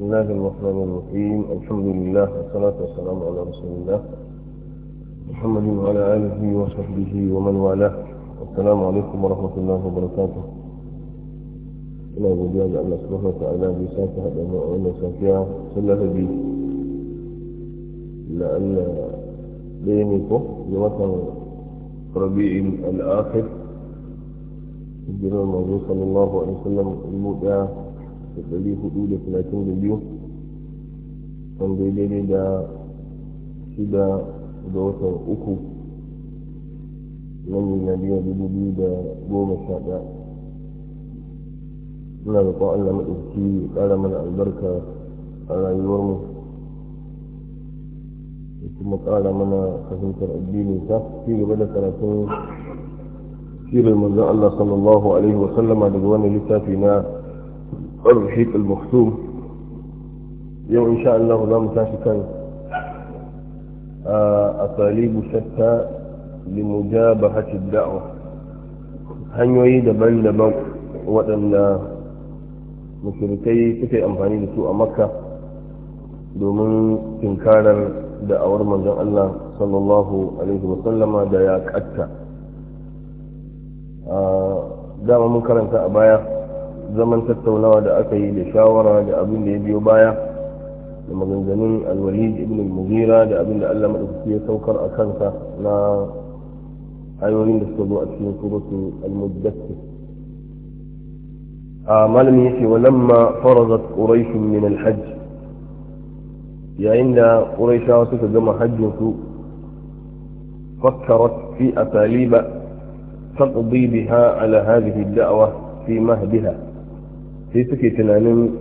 بسم الله الرحمن الرحيم الحمد لله والصلاة والسلام على رسول الله محمد وعلى آله وصحبه ومن والاه السلام عليكم ورحمة الله وبركاته إلى بجاز أن أصبح تعالى بساكة دماء وإن ساكعة صلى بي لأن بينكم لوطن ربيع الآخر الجنة الموضوع صلى الله عليه وسلم المؤمنة da ɗari hudu da talatin da biyu wanda ya daidai da shida da watan uku nan miliyar dubu biyu da goma sha ɗaya muna da kwan Allah maɗauki ya ƙara mana albarka a rayuwarmu da kuma ƙara mana fahimtar addini ta ci gaba da karatun shirin manzon Allah sallallahu alaihi wa sallama daga wani littafi na الرحيق المختوم يوم إن شاء الله لا متاشكا أساليب شتى لمجابهة الدعوة hanyoyi daban-daban waɗanda mushrikai suke amfani da su a makka domin tinkarar da'awar manzon Allah sallallahu alaihi wasallama da ya katta dama mun karanta a baya zaman tattaunawa da aka yi da shawara da abin da ya biyo baya da maganganun alwalid ibn al-mughira da abin da allah madaukaki ya saukar a kansa na ayoyin da suka zo a cikin suratu al muddathir a malami yace lamma farazat quraish min al-hajj yayin da quraishawa suka gama hajjin su فكرت في أساليب تقضي بها على هذه الدعوة في مهدها sai suke tunanin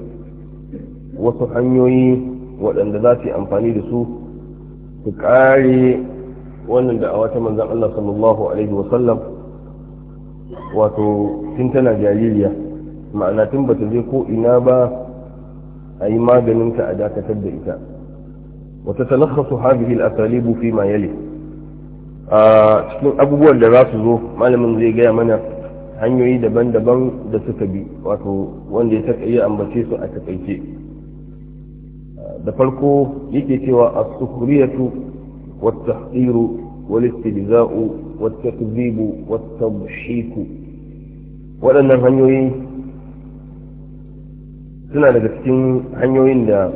wasu hanyoyi waɗanda za su yi amfani da su su ƙare wannan da a wata manzan Allah sallallahu Alaihi wasallam wato tun tana jaririya ma'ana tun bata je ko ina ba a yi maganinta a dakatar da ita wata talakhasu hadhihi al-asalibu fi ma yali a cikin abubuwan da za su zo malamin zai gaya mana hanyoyi daban-daban da suka bi wato wanda ya taka iya ambace su a takaice da farko yake cewa a sukhriyatu wata tahqiru wani istihzau wata takdhibu wata shiku waɗannan hanyoyi suna daga cikin hanyoyin da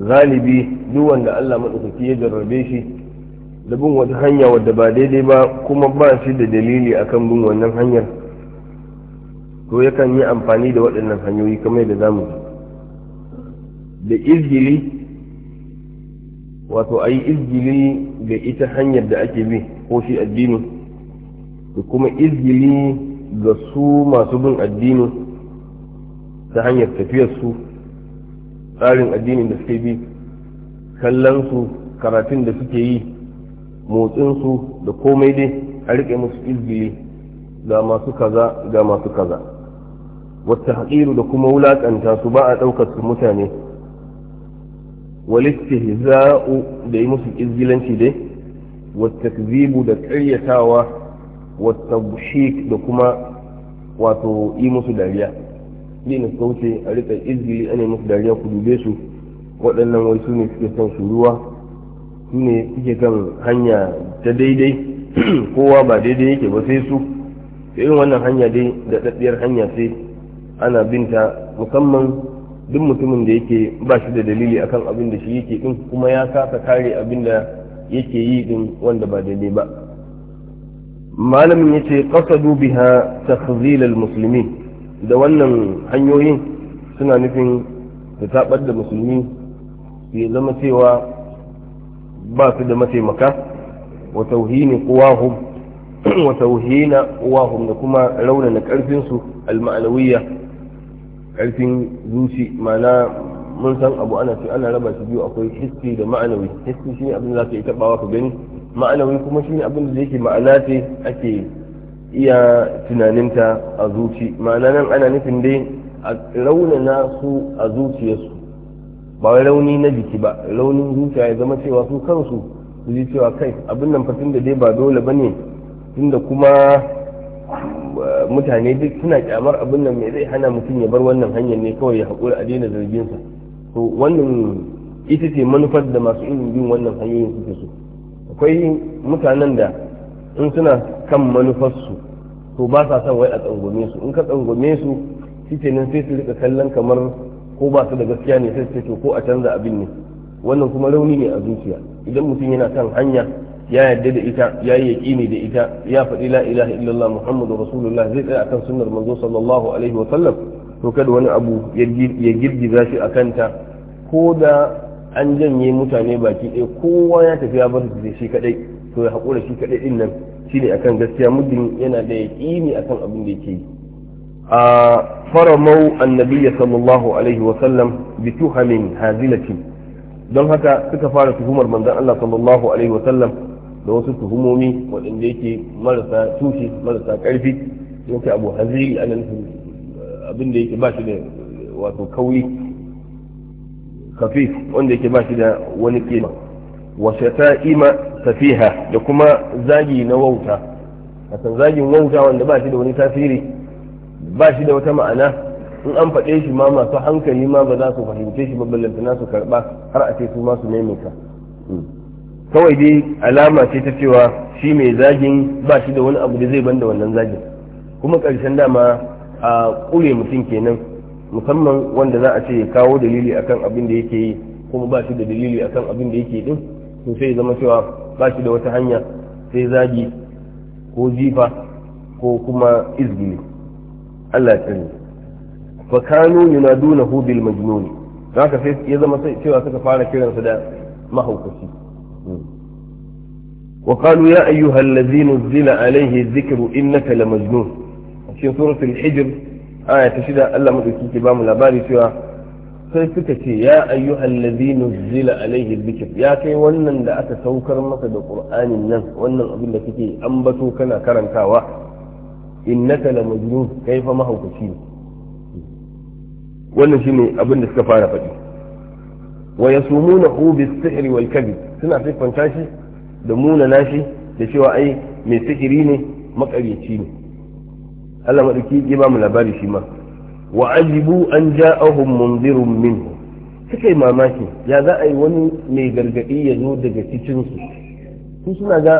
galibi duk wanda Allah maɗaukaki ya jarrabe shi da bin wata hanya wadda ba daidai ba kuma ba shi da dalili akan bin wannan hanyar to yakan yi amfani da waɗannan hanyoyi kamar da zamu da izgili wato a yi izgili da ita hanyar da ake bi ko shi addini da kuma izgili ga su masu bin addini ta hanyar tafiyar su tsarin addinin da suke bi kallon su karatun da suke yi motsinsu da komai dai a riƙe musu izgili ga masu kaza ga masu kaza wata haƙiru da kuma wulaƙanta su ba a ɗaukar su mutane walistihza'u da yi musu izgilanci dai wata zibu da ƙaryatawa wata bushik da kuma wato yi musu dariya na sauce a riƙa izgili ana musu dariya ku dube su waɗannan wai su ne suke son su ruwa ne suke kan hanya ta daidai kowa ba daidai yake ba sai su irin wannan hanya dai da ɗaɗɗiyar hanya sai ana binta musamman duk mutumin da yake ba shi da dalili akan abin da shi yake din kuma ya kasa kare abin da yake yi din wanda ba daidai ba malamin ya ce qasadu biha ta al da wannan hanyoyin suna nufin da tabar da musulmi ya zama cewa ba su da mataimaka wa tauhini kuwahum wa tauhina kuwahum da kuma raunana karfin su alma'anawiyya karfin zuci ma'ana mun san abu ana ce ana raba su biyu akwai hissi da ma'anawi hissi shine abin da za ka yi tabbawa ka gani ma'anawi kuma shine abin da yake ma'ana ce ake iya tunaninta a zuci ma'ana nan ana nufin dai a raunana su a zuciyarsu ba wai rauni na jiki ba raunin zuciya ya zama cewa su kansu su ji cewa kai abin nan fatin da dai ba dole ba ne tunda kuma eh, mutane duk suna kyamar abin nan mai zai hana mutum ya bar wannan hanyar ne kawai ya haƙura a daina zarginsa to wannan ita ce manufar da masu ilimin bin wannan hanyoyin suke so akwai mutanen da in suna kan manufarsu to ba sa son wai a tsangwame su in ka tsangwame su shi nan sai su rika kallon kamar ko ba su da gaskiya ne sai ce ko a canza abin ne wannan kuma rauni ne a zuciya idan mutum yana kan hanya ya yarda da ita ya yi yaƙini da ita ya faɗi la ilaha illallah muhammadu rasulullah zai tsaya akan sunnar manzo sallallahu alaihi wa sallam to kada wani abu ya girgiza shi a kanta ko da an janye mutane baki ɗaya kowa ya tafi ya bar da shi kaɗai to ya haƙura shi kaɗai ɗin nan shine akan gaskiya muddin yana da yaƙini akan abin da yake yi فرموا النبي صلى الله عليه وسلم بتهم هازلة don haka suka fara tuhumar manzon Allah sallallahu alaihi wa sallam da wasu tuhumomi waɗanda yake marasa tushe marasa ƙarfi yake abu haziri ana nufin abinda da yake ba shi da wato kauri khafif wanda yake ba shi da wani kima wa shata'ima safiha da kuma zagi na wauta a zagin wauta wanda ba shi da wani tasiri ba shi da wata ma'ana in an faɗe shi ma masu hankali ma ba za su fahimce shi na su karɓa har a ce su ma maimaita hmm. kawai dai alama ce ta cewa shi mai zagin ba shi da wani abu da zai banda wannan zagin kuma ƙarshen dama a ƙure mutum kenan musamman wanda za a ce ya kawo dalili akan abin da yake yi kuma ba shi da dalili akan abin da yake din to sai zama cewa ba shi da wata hanya sai zagi ko jifa ko kuma izgili Allah ya sani fa kanu yunadunahu bil majnun haka sai ya zama sai cewa suka fara kiransa da mahaukaci wa qalu ya ayyuhal ladzina zila alayhi dhikru innaka la majnun cikin suratul hijr aya ta shida Allah madauki ke bamu labari cewa sai suka ce ya ayyuhal ladzina zila alayhi dhikr ya kai wannan da aka saukar maka da qur'anin nan wannan abin da kake ambato kana karantawa innaka la majnun kai fa mahaukaci ne wannan shine abin da suka fara faɗi wa yasumuna hu bis-sihr wal kadhib suna siffanta shi da muna nashi da cewa ai mai sihiri ne makaryaci ne Allah madauki ya ba mu labari shi ma wa ajibu an ja'ahum munzirun minhu suka yi mamaki ya za a yi wani mai gargaɗi ya zo daga cikinsu su suna ga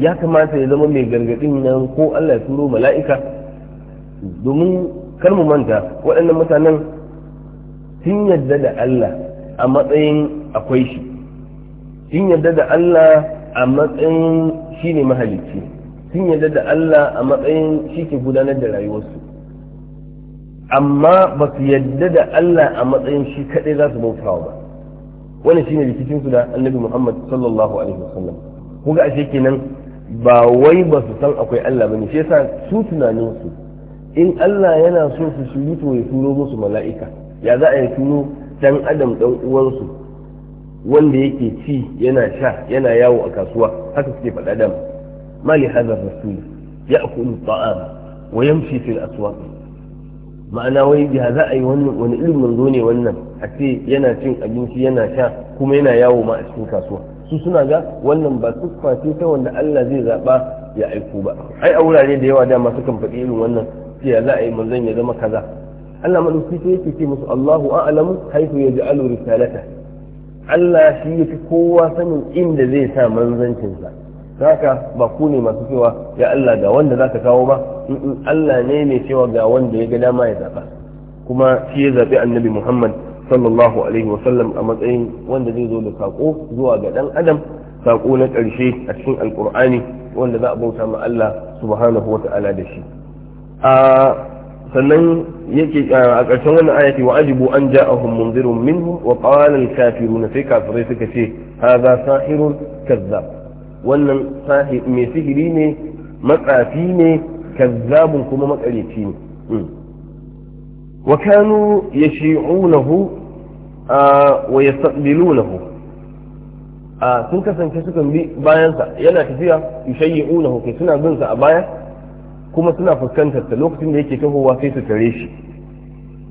ya kamata ya zama mai gargadin nan ko Allah ya turo mala'ika domin kar mu manta waɗannan mutanen sun yarda da Allah a matsayin akwai shi sun yarda da Allah a matsayin shi ne mahalicci sun yarda da Allah a matsayin shi ke gudanar da rayuwarsu amma ba su yarda da Allah a matsayin shi kaɗai za su bautawa ba wannan shine rikicinsu da annabi Muhammad sallallahu alaihi wasallam kuga ashe kenan ba wai ba su san akwai Allah ba ne shi yasa su tunanin su in Allah yana so su shiru to ya turo musu mala'ika ya za a yi turo dan adam dan uwansu wanda yake ci yana sha yana yawo a kasuwa haka suke faɗa dama mali hadar rasul ya'kulu ta'am wa yamshi fil aswaq ma'ana wai ya za a yi wannan wani irin zo ne wannan a ce yana cin abinci yana sha kuma yana yawo ma a cikin kasuwa su suna ga wannan ba su ce ta wanda Allah zai zaɓa ya aiko ba ai a wurare da yawa dama sukan faɗi irin wannan sai za a yi manzan ya zama kaza Allah madauki sai yake ce musu Allahu a'lamu haifu yaj'alu risalata Allah shi yake kowa sanin inda zai sa manzancin sa haka ba ku ne masu cewa ya Allah ga wanda zaka kawo ba in Allah ne mai cewa ga wanda ya ga dama ya zaɓa kuma shi ya zaɓi annabi Muhammad sallallahu alaihi wasallam a matsayin wanda zai zo da sako zuwa ga ɗan adam sako na ƙarshe a cikin alkur'ani wanda za a bauta ma Allah subhanahu wata'ala da shi a sannan yake a ƙarshen wannan ayati wa ajibu an ja'ahum munzirun minhum wa qala al-kafiruna sai kafirai suka ce hadha sahirun kazzab wannan sahir mai sihiri ne matsafi ne kazzabun kuma makareci ne hmm. wa kanu yashi'unahu wa yastaqbilunahu sun kasance sukan bi bayansa yana tafiya yushayyi'unahu kai suna bin sa a baya kuma suna fuskantar ta lokacin da yake tahowa sai su tare shi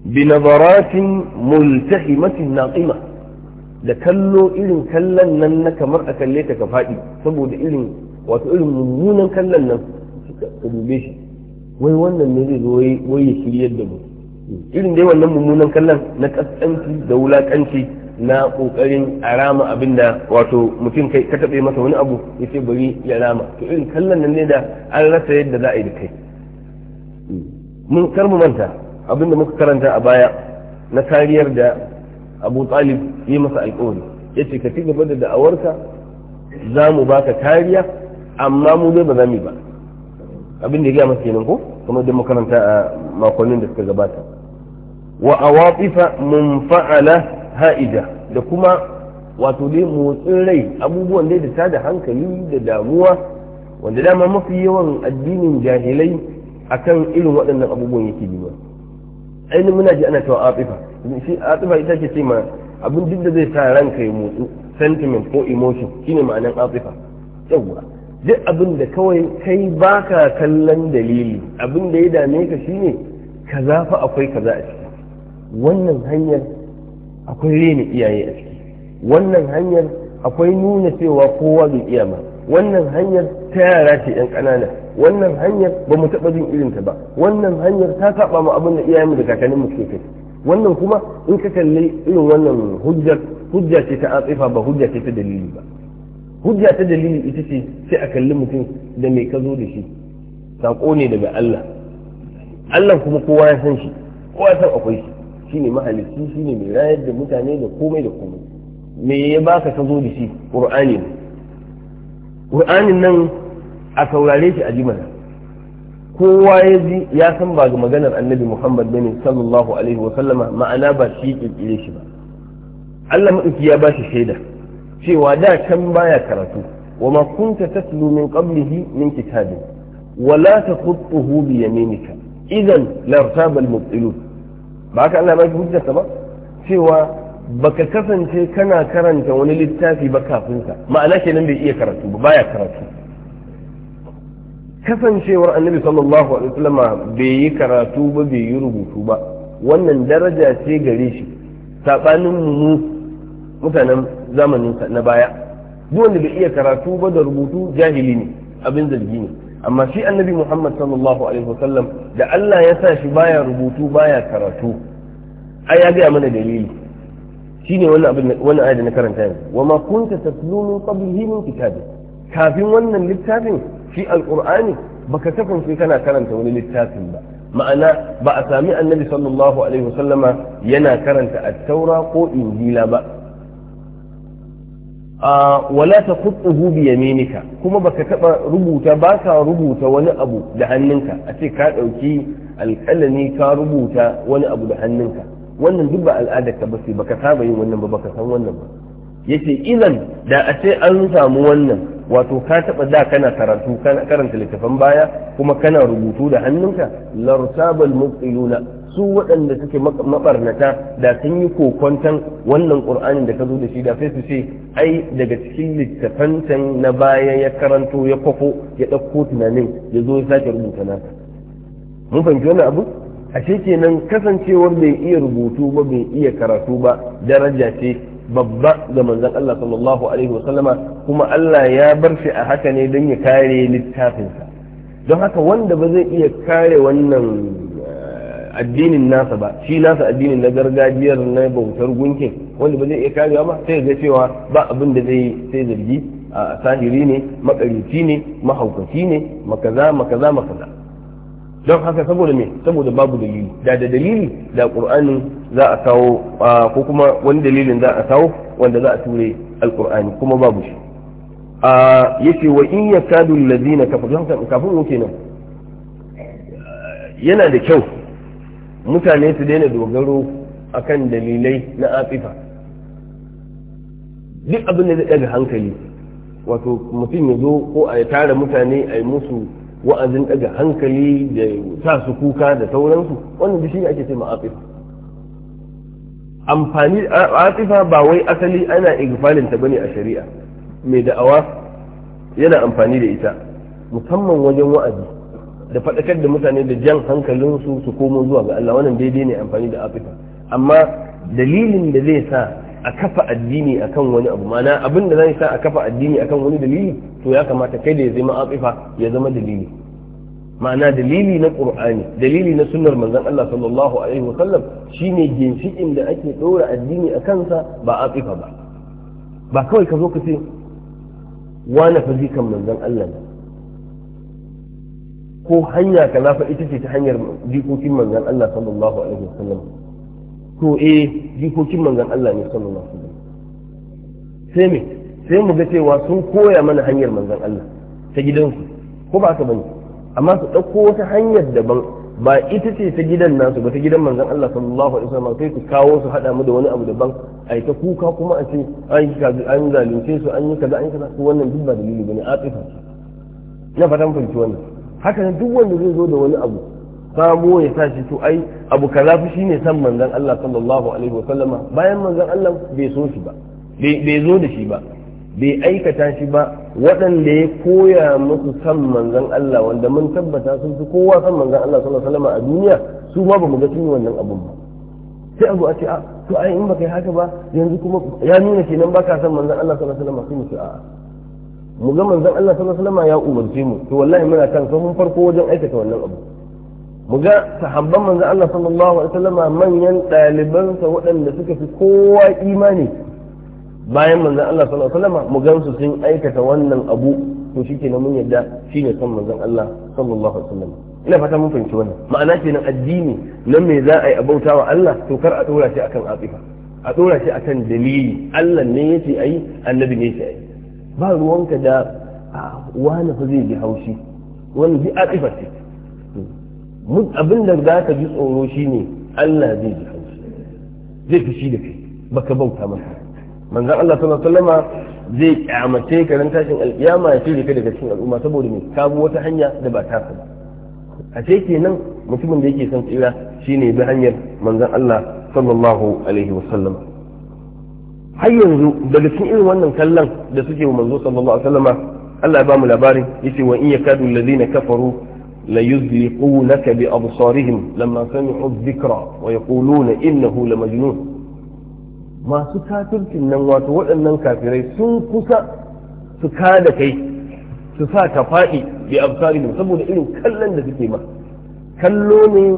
bi nazaratin multahimatin naqima da kallo irin kallon nan na kamar a kalle ta ka faɗi saboda irin wato irin mummunan kallon nan suka dube shi wai wannan ne zai zo wai ya shiryar da mu irin dai wannan mummunan kallon na kaskanci da wulakanci na kokarin a rama abin da wato mutum kai ka taɓe masa wani abu ya ce bari ya rama to irin kallon nan ne da an rasa yadda za a yi da kai mun kar mu manta abin da muka karanta a baya na kariyar da abu talib yi masa alƙawari ya ce ka ci gaba da da'awarka za mu baka kariya amma mu zai ba za mu ba abin da ya gaya masa kenan ko kamar da makaranta a makonnin da suka gabata wa awatifa munfa'ala ha'ida da kuma wato dai motsin rai abubuwan dai da tada hankali da damuwa wanda dama mafi yawan addinin jahilai akan irin waɗannan abubuwan yake bima ainihin muna ji ana cewa atifa shi atifa ita ce ce ma abin duk da zai sa ranka ya motsu sentiment ko emotion shine ma'anan atifa yawwa duk abin da kawai kai baka kallon dalili abin da ya dame ka shine kaza fa akwai kaza a ciki wannan hanyar akwai rena iyaye a ciki wannan hanyar akwai nuna cewa kowa bai iya ba wannan hanyar ta yara ce yan ƙanana wannan hanyar ba mu taɓa jin irinta ba wannan hanyar ta saba mu abin da iyayenmu da kakanninmu suke kai wannan kuma in ka kalli irin wannan hujjar hujja ce ta atsifa ba hujja ce ta dalili ba hujja ta dalili ita ce sai a kalli mutum da mai ka zo da shi saƙo ne daga Allah Allah kuma kowa ya san shi kowa ya san akwai shi shine mahalicci shine mai rayar da mutane da komai da komai me ya baka ka zo da shi qur'ani ne nan a saurare shi a ji mana kowa ya ji ya san ba ga maganar annabi muhammad bane sallallahu alaihi wa sallama ma'ana ba shi ƙirƙire shi ba Allah maɗauki ya ba shi shaida cewa da can baya karatu wa ma kunta tatlu min qablihi min kitabin wa la taqutuhu bi yaminika idan lartaba al-mubtilun ba ka Allah ki hujjarsa ba cewa baka kasance kana karanta wani littafi ba kafin ka ma'ana kenan bai iya karatu ba baya karatu kasancewar annabi sallallahu alaihi wasallam bai yi karatu ba bai yi rubutu ba wannan daraja ce gare shi sabanin mu mutanen zamanin na baya duk wanda bai iya karatu ba da rubutu jahili ne abin zargi ne amma shi annabi muhammad sallallahu alaihi wasallam da allah ya sa shi baya rubutu baya karatu ai ya gaya mana dalili shine wannan abin wannan ayat da na karanta yanzu wa ma kunta tatlu min qablihi min kitabin kafin wannan littafin shi alqur'ani baka kasance kana karanta wani littafin ba ma'ana ba a sami annabi sallallahu alaihi wasallama yana karanta at-taura ko injila ba wala ta kuɗuhu bi yaminika kuma baka taɓa rubuta ba ka rubuta wani abu da hannunka a ce ka ɗauki alƙalami ka rubuta wani abu da hannunka wannan duk ba al'adarka ba sai baka saba yin wannan ba baka san wannan ba yace idan da a ce an samu wannan wato ka taba da kana karatu karanta littafan baya kuma kana rubutu da hannunka lartabal mubtiluna su waɗanda suke mabarnata da sun yi kokonton wannan qur'anin da ka zo da shi da sai su ce ai daga cikin littafan can na baya ya karanto ya kwafo ya ɗauko tunanin ya zo ya sake rubuta nasa mun fahimci wannan abu ashe kenan kasancewar bai iya rubutu ba bai iya karatu ba daraja ce babba ga manzon Allah sallallahu alaihi wasallama kuma Allah ya bar shi a haka ne don ya kare littafinsa don haka wanda ba zai iya kare wannan eh, addinin nasa ba shi nasa addinin na gargajiyar na bautar gunkin wanda ba zai iya karewa ba sai ga cewa ba abin da zai sai zargi a sahiri ne makarici ne mahaukaci ne makaza makaza makaza don haka saboda me saboda babu dalili da da dalili da qur'ani za a kawo ko kuma wani dalilin za a kawo wanda za a ture alqur'ani kuma babu shi a yace wa in yakadu allazina kafaru kafin yake nan yana da kyau mutane su daina dogaro akan dalilai na atifa duk abin da zai daga hankali wato mutum ya zo ko a tara mutane a yi musu wa'azin daga hankali da sa su kuka da sauransu wannan duk shi ake ce ma'afifa amfani ba wai asali ana igfalin ta bane a shari'a mai da'awa yana amfani da ita musamman wajen wa'azi da faɗakar da mutane da jan hankalinsu su komo zuwa ga Allah wannan daidai ne amfani da afifa amma dalilin da zai sa a kafa addini akan wani abu mana abin da zai sa a kafa addini akan wani dalili to ya kamata kai da ya zama atsifa ya zama dalili ma'ana dalili na qur'ani dalili na sunnar manzon Allah sallallahu alaihi wa sallam shine ginshikin da ake dora addini a kansa ba atsifa ba ba kawai ka zo ka ce wani fa zikan manzon Allah ne ko hanya ka fa ita ce ta hanyar jikokin manzon Allah sallallahu alaihi wa sallam to eh jikokin manzan Allah ne sallallahu alaihi wasallam sai me sai mu ga cewa sun koya mana hanyar manzan Allah ta gidansu ko ba ka bane amma su ɗauko wata hanyar daban ba ita ce ta gidan nasu ba ta gidan manzan Allah sallallahu alaihi wasallam sai ku kawo su hada mu da wani abu daban ai ta kuka kuma a ce an yi kaza an zalunce su an yi kaza an yi kaza su wannan duk ba dalili bane a tsifa na fatan fahimci wannan haka duk wanda zai zo da wani abu samu ya tashi to ai abu kaza fi shine san manzon Allah sallallahu alaihi wa sallama bayan manzon Allah bai so shi ba bai zo da shi ba bai aikata shi ba waɗanda ya koya musu san manzon Allah wanda mun tabbata sun fi kowa san manzon Allah sallallahu alaihi wa sallama a duniya su ma bamu ga sun yi wannan abun ba sai a zo a ce a ah, to ai in baka yi haka ba yanzu kuma ya nuna kenan baka san manzon Allah sallallahu alaihi wa sallama sai mu ce a'a mu ga manzon Allah sallallahu alaihi wa sallama ya umarce mu to wallahi muna kan sahun farko wajen aikata wannan abu mu ga sahabban manzo Allah sallallahu alaihi wasallam manyan ɗalibansa waɗanda suka fi kowa imani bayan manzon Allah sallallahu alaihi wasallam mu gansu sun aikata wannan abu to shi kenan mun yadda shi ne son manzon Allah sallallahu alaihi wasallam ina fata mun fahimci wannan ma'ana kenan addini nan me za a yi abauta wa Allah to kar a dora shi akan atifa a dora shi akan dalili Allah ne yace ayi annabi ne yace ayi ba ruwanka da ah, wani fa zai ji haushi wani bi atifa ce abin da za ka ji tsoro shi ne Allah zai ji haushi zai fushi da kai baka bauta masa manzon Allah sallallahu zai kyamace ka ran tashin alkiyama ya cire ka daga cikin al'umma saboda mai ka wata hanya da ba ta ba a ce kenan mutumin da yake son tsira shi ne bi hanyar manzon Allah sallallahu alaihi wasallam har yanzu daga cikin irin wannan kallon da suke wa manzo sallallahu alaihi wasallama Allah ya ba mu labarin yace wa in yakadu alladhina kafaru ليزلقونك بأبصارهم لما سمعوا الذكرى ويقولون إنه لمجنون ما سكاتلك النوات وأن كافرين سنكس سكادكي سساك فائي بأبصارهم سبب إن كلا لذكيمة كلوني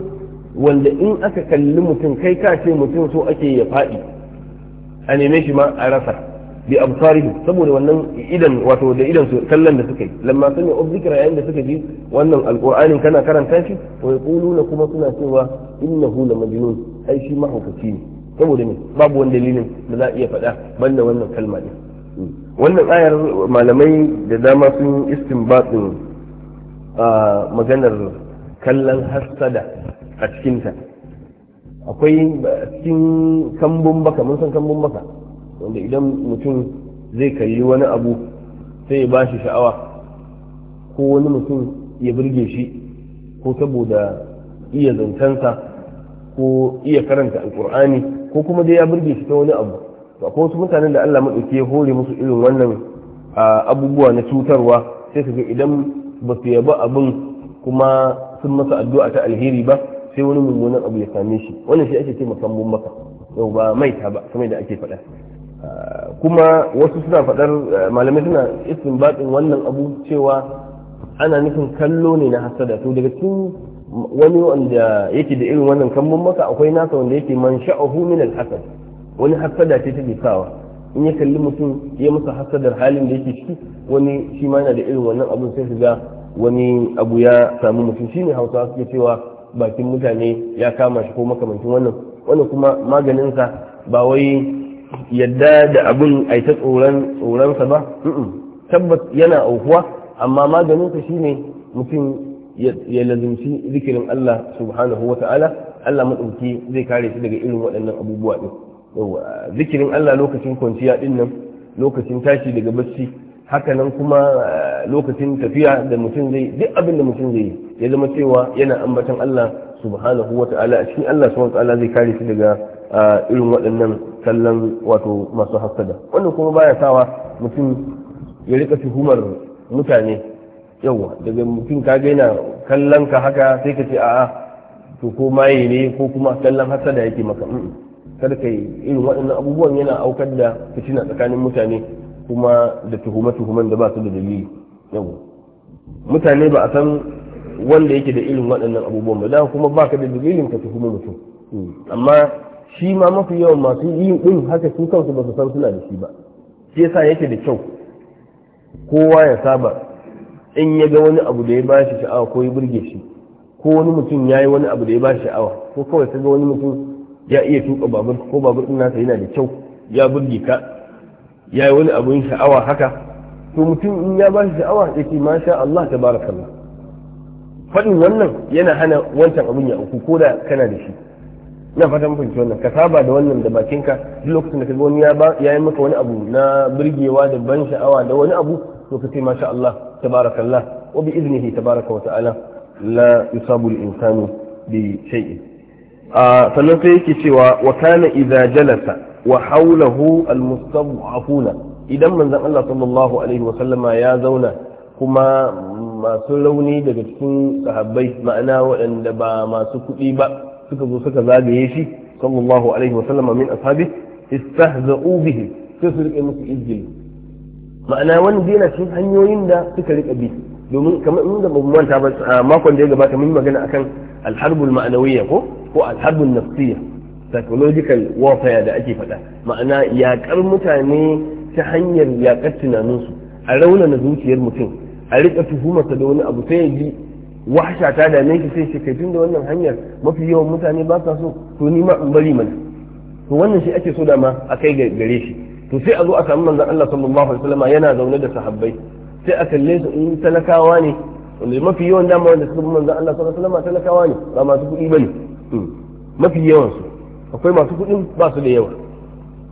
wanda in aka kalli mutum kai ka ce mutum so ake ya faɗi a neme shi ma a rasa bi absarihim saboda wannan idan wato da idan su kallon da suka yi lamma sami of yayin da suka ji wannan alqur'anin kana karanta shi to na kuma suna cewa innahu la majnun ai shi mahaukaci ne saboda me babu wani dalilin da za a iya faɗa banda wannan kalma ɗin wannan ayar malamai da dama sun istinbatin maganar kallon hassada a cikinta akwai cikin kambun baka mun san kambun baka wanda idan mutum zai kalli wani abu sai ya bashi sha'awa ko wani mutum ya birge shi ko saboda iya zancensa ko iya karanta alkur'ani ko kuma dai ya birge shi ta wani abu ba ko wasu mutanen da Allah madauki ya hore musu irin wannan abubuwa na cutarwa sai su ga idan ba su yaba abin kuma sun masa addu'a ta alheri ba sai wani mummunan abu ya same shi wannan shi ake ce musambun maka yau ba maita ba kamar da ake faɗa kuma wasu suna faɗar eh, malamai suna isin baɗin wannan abu cewa ana nufin kallo ne na hasada to daga cikin wani wanda yake da irin wannan kambun maka akwai nasa wanda yake man sha'ahu min al-hasad wani hasada ce take sawa in ya kalli mutum ya masa hasadar halin da yake ciki wani shi ma yana da irin wannan abun sai su ga wani abu ya samu mutum shine hausawa suke cewa bakin mutane ya kama shi ko makamancin wannan wannan kuma maganinsa ba wai yadda da abin a ta tsoronsa ba tabbat yana aukuwa amma maganinsa shine mutum ya lazumci zikirin Allah subhanahu wa ta'ala Allah maɗauki zai kare shi daga irin waɗannan abubuwa ɗin zikirin Allah lokacin kwanciya ɗin nan lokacin tashi daga bacci haka nan kuma eh, lokacin tafiya da mutum zai duk abin da mutum zai ya zama cewa yana ambatan Allah subhanahu wa ta'ala a cikin Allah subhanahu wa ta'ala zai kare shi daga irin waɗannan kallon wato masu hasada wannan kuma baya sawa mutum ya rika tuhumar mutane yawa daga mutum ka gaina kallon ka haka sai ka ce a to ko maye ne ko kuma kallon hasada yake maka kada ka irin waɗannan abubuwan yana aukar da fitina tsakanin mutane kuma da tuhume-tuhumen da ba su da dalili yawa mutane ba a san wanda yake da irin waɗannan abubuwan ba da kuma ba ka da dalilin ka tuhumi mutum amma shi ma mafi yawan masu yin din haka su kansu ba su san suna da shi ba shi yasa yake da kyau kowa ya saba in ya ga wani abu da ya ba shi sha'awa ko ya burge shi ko wani mutum ya yi wani abu da ya ba shi sha'awa ko kawai ka ga wani mutum ya iya tuka babur ko babur din nasa yana da kyau ya burge ka ya yi wani abu sha'awa haka to mutum in ya ba shi sha'awa ya ce masha Allah ta kalla. faɗin wannan yana hana wancan abin ya auku ko da kana da shi na fatan fahimci wannan ka saba da wannan da bakinka duk lokacin da ka ga wani ya yi maka wani abu na birgewa da ban sha'awa da wani abu to ka ce masha Allah tabarakallah wa bi iznihi tabaraka wa ta'ala la yusabu al-insanu bi shay'in a sannan sai yake cewa wa kana idza jalasa wa hawlahu al-mustad'afuna idan manzon Allah sallallahu alaihi wa sallama ya zauna kuma masu rauni daga cikin sahabbai ma'ana waɗanda ba masu kuɗi ba suka zo suka zagaye shi sallallahu alaihi wa sallama min ashabi istahza'u bihi sai su rike musu izgil ma'ana wani yana cikin hanyoyin da suka rika bi domin kamar inda ba manta ba makon da ya gabata mun magana akan alharbul ma'anawiyya ko ko alharbul nafsiyya psychological warfare da ake faɗa ma'ana yaƙar mutane ta hanyar yaƙar tunaninsu a raunana zuciyar mutum a riƙa tuhumarsa da wani abu sai ya ji wahsha ta dame ki sai shekai tun da wannan hanyar mafi yawan mutane ba sa so to ni ma in bari mana to wannan shi ake so da ma a kai gare shi to sai a zo a samu manzon Allah sallallahu alaihi wasallam yana zaune da sahabbai sai a kalle su in talakawa ne wanda mafi yawan dama wanda suka bi manzon Allah sallallahu alaihi wasallam talakawa ne ba masu kuɗi bane hmm. mafi yawan su akwai masu kuɗin ba su da yawa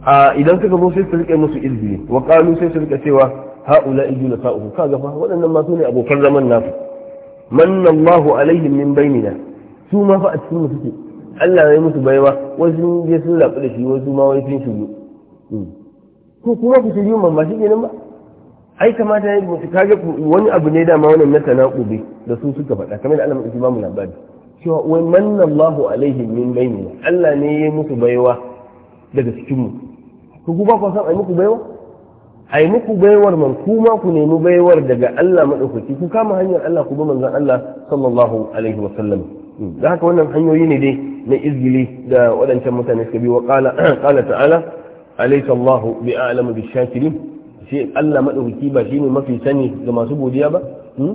a idan suka zo sai su rike musu izini wa qalu sai su rike cewa ha'ula ijuna sa'uhu kaga fa waɗannan ma su ne abokan zaman nasu manna Allahu alaihim min bainina su ma fa a cikin mu suke Allah ya yi musu baiwa wasu je sun rabu da shi wasu ma wai sun shigo hmm. ko kuma ku shiryu man ba shi kenan ba ai kamata ya mutu kage wani abu ne dama wannan na tanaqube da su suka faɗa kamar da Allah mai ba mu labari cewa wai manna Allahu alaihim min bainina Allah ne ya yi musu baiwa daga cikin mu ku ba ku san ai musu baiwa ai muku baiwar man kuma ku nemi baiwar daga Allah madaukaki ku kama hanyar Allah ku bi manzon Allah sallallahu alaihi wa sallam hmm. da haka wannan hanyoyi ne dai na izgili da waɗancan mutane suka bi wa qala qala ta'ala alaysa Allah bi a'lamu bi shakirin shi Allah madaukaki ba shi ne mafi sani ga masu godiya ba hmm.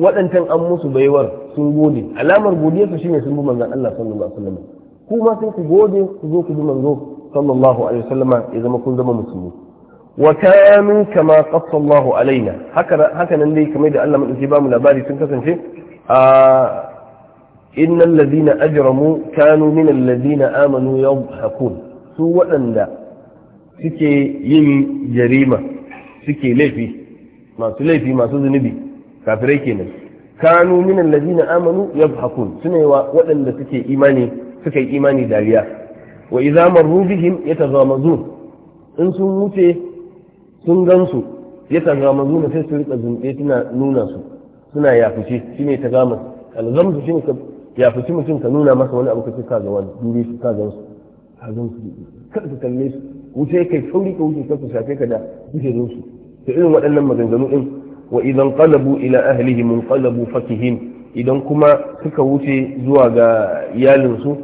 waɗancan an musu baiwar sun gode alamar godiya su shine sun bi manzon Allah sallallahu alaihi wa sallam kuma sai ku gode ku zo ku bi manzo sallallahu alaihi wa sallam ya zama kun zama musulmi wa kanu kama qassa alaina haka nan dai kamar da Allah madauki ba labari sun kasance a innal ladina ajramu kanu min alladina amanu yadhhakun su waɗanda suke yin jarima suke laifi masu laifi masu zunubi kafirai kenan kanu min alladina amanu yadhhakun sune waɗanda suke imani suka yi imani dariya wa idza marru in sun wuce sun gan su ya tagama nuna sai su rika zunɗe suna nuna su suna yafuce shine ta tagama alzamzu shine ka yafuci mutum ka nuna masa wani abu kace ka ga wani dure su ka gan su ka gan su kada ka kalle su wuce kai sauri ka wuce ka shafe ka da wuce zo su to irin waɗannan maganganu din wa idan qalabu ila ahlihim munqalabu fakihim idan kuma suka wuce zuwa ga iyalinsu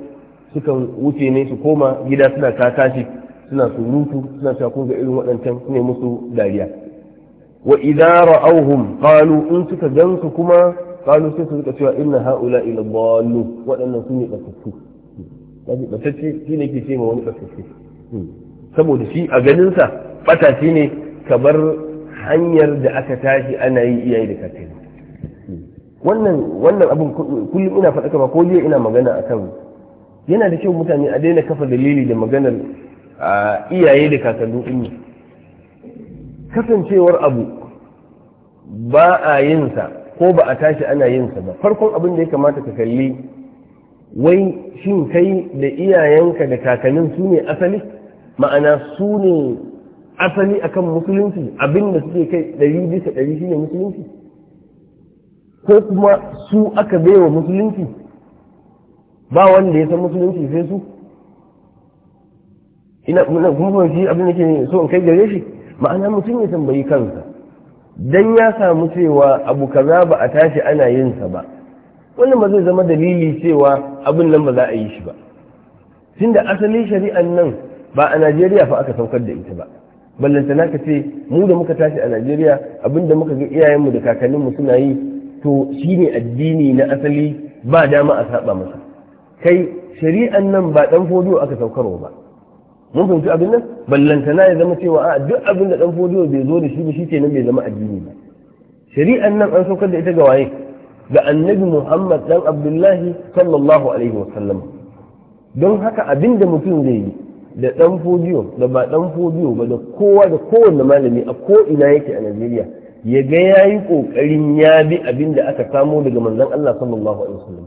sukan wuce ne su koma gida suna ta tashi suna surutu suna shakun ga irin waɗancan ne musu dariya wa idza ra'awhum qalu in suka gansu kuma qalu sai su rika cewa inna haula ila dallu waɗannan su ne batattu kaji batacce shi ne ke ce ma wani batacce saboda shi a ganin sa bata shi ne kamar hanyar da aka tashi ana yi iyaye da kakai wannan wannan abin kullum ina faɗa kama ko jiya ina magana akan yana da kyau mutane a daina kafa dalili da maganar iyaye da kakannin ummi kasancewar abu ba a yinsa ko ba a tashi ana yinsa ba farkon abin da ya kamata ka kalli wai shin kai da iyayenka da kakannin su ne asali ma'ana su ne asali akan musulunci abin da suke kai ɗari bisa ɗari shine musulunci ko kuma su aka baiwa musulunci ba wanda ya san musulunci sai su ina kuma kuma shi abin da ke so kai gare shi ma'ana mutum ya tambayi kansa dan ya samu cewa abu kaza ba a tashi ana yin sa ba wannan ba zai zama dalili cewa abin nan ba za a yi shi ba tunda asali shari'an nan ba a Najeriya fa aka saukar da ita ba ballantana ka ce mu da muka tashi a Najeriya abin da muka ga iyayenmu da kakanninmu suna yi to shine addini na asali ba dama a saba masa kai shari'an nan ba dan fodo aka saukarwa ba mun fahimci abin nan ballantana ya zama cewa a duk abin da dan fodiyo bai zo da shi ba shike nan bai zama addini ba shari'an nan an saukar da ita ga waye ga annabi Muhammad dan Abdullahi sallallahu alaihi sallam don haka abin da mutum zai yi da dan fodiyo da ba dan fodiyo ba da kowa da kowanne malami a ko ina yake a Najeriya ya ga yayi kokarin ya bi abin da aka samo daga manzon Allah sallallahu alaihi wasallam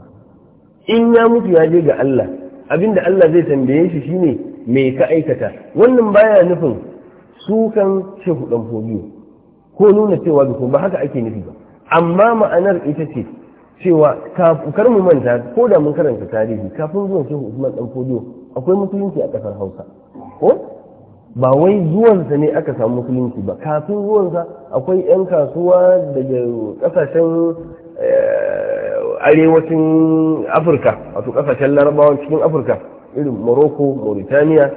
in ya mutu ya je ga Allah abin da Allah zai tambaye shi shine Mai ka aikata wannan baya nufin sukan shehu dan fodiyo ko nuna cewa da ba haka ake nufi ba amma ma'anar ita ce cewa kar mu manta ko da mun karanta tarihi kafin zuwan shehu usman dan fodiyo akwai musulunci a kasar hausa ko ba wai zuwansa ne aka samu musulunci ba kafin zuwansa akwai 'yan kasuwa daga kasashen eh, arewacin afirka wato kasashen larabawa cikin afirka irin morocco mauritania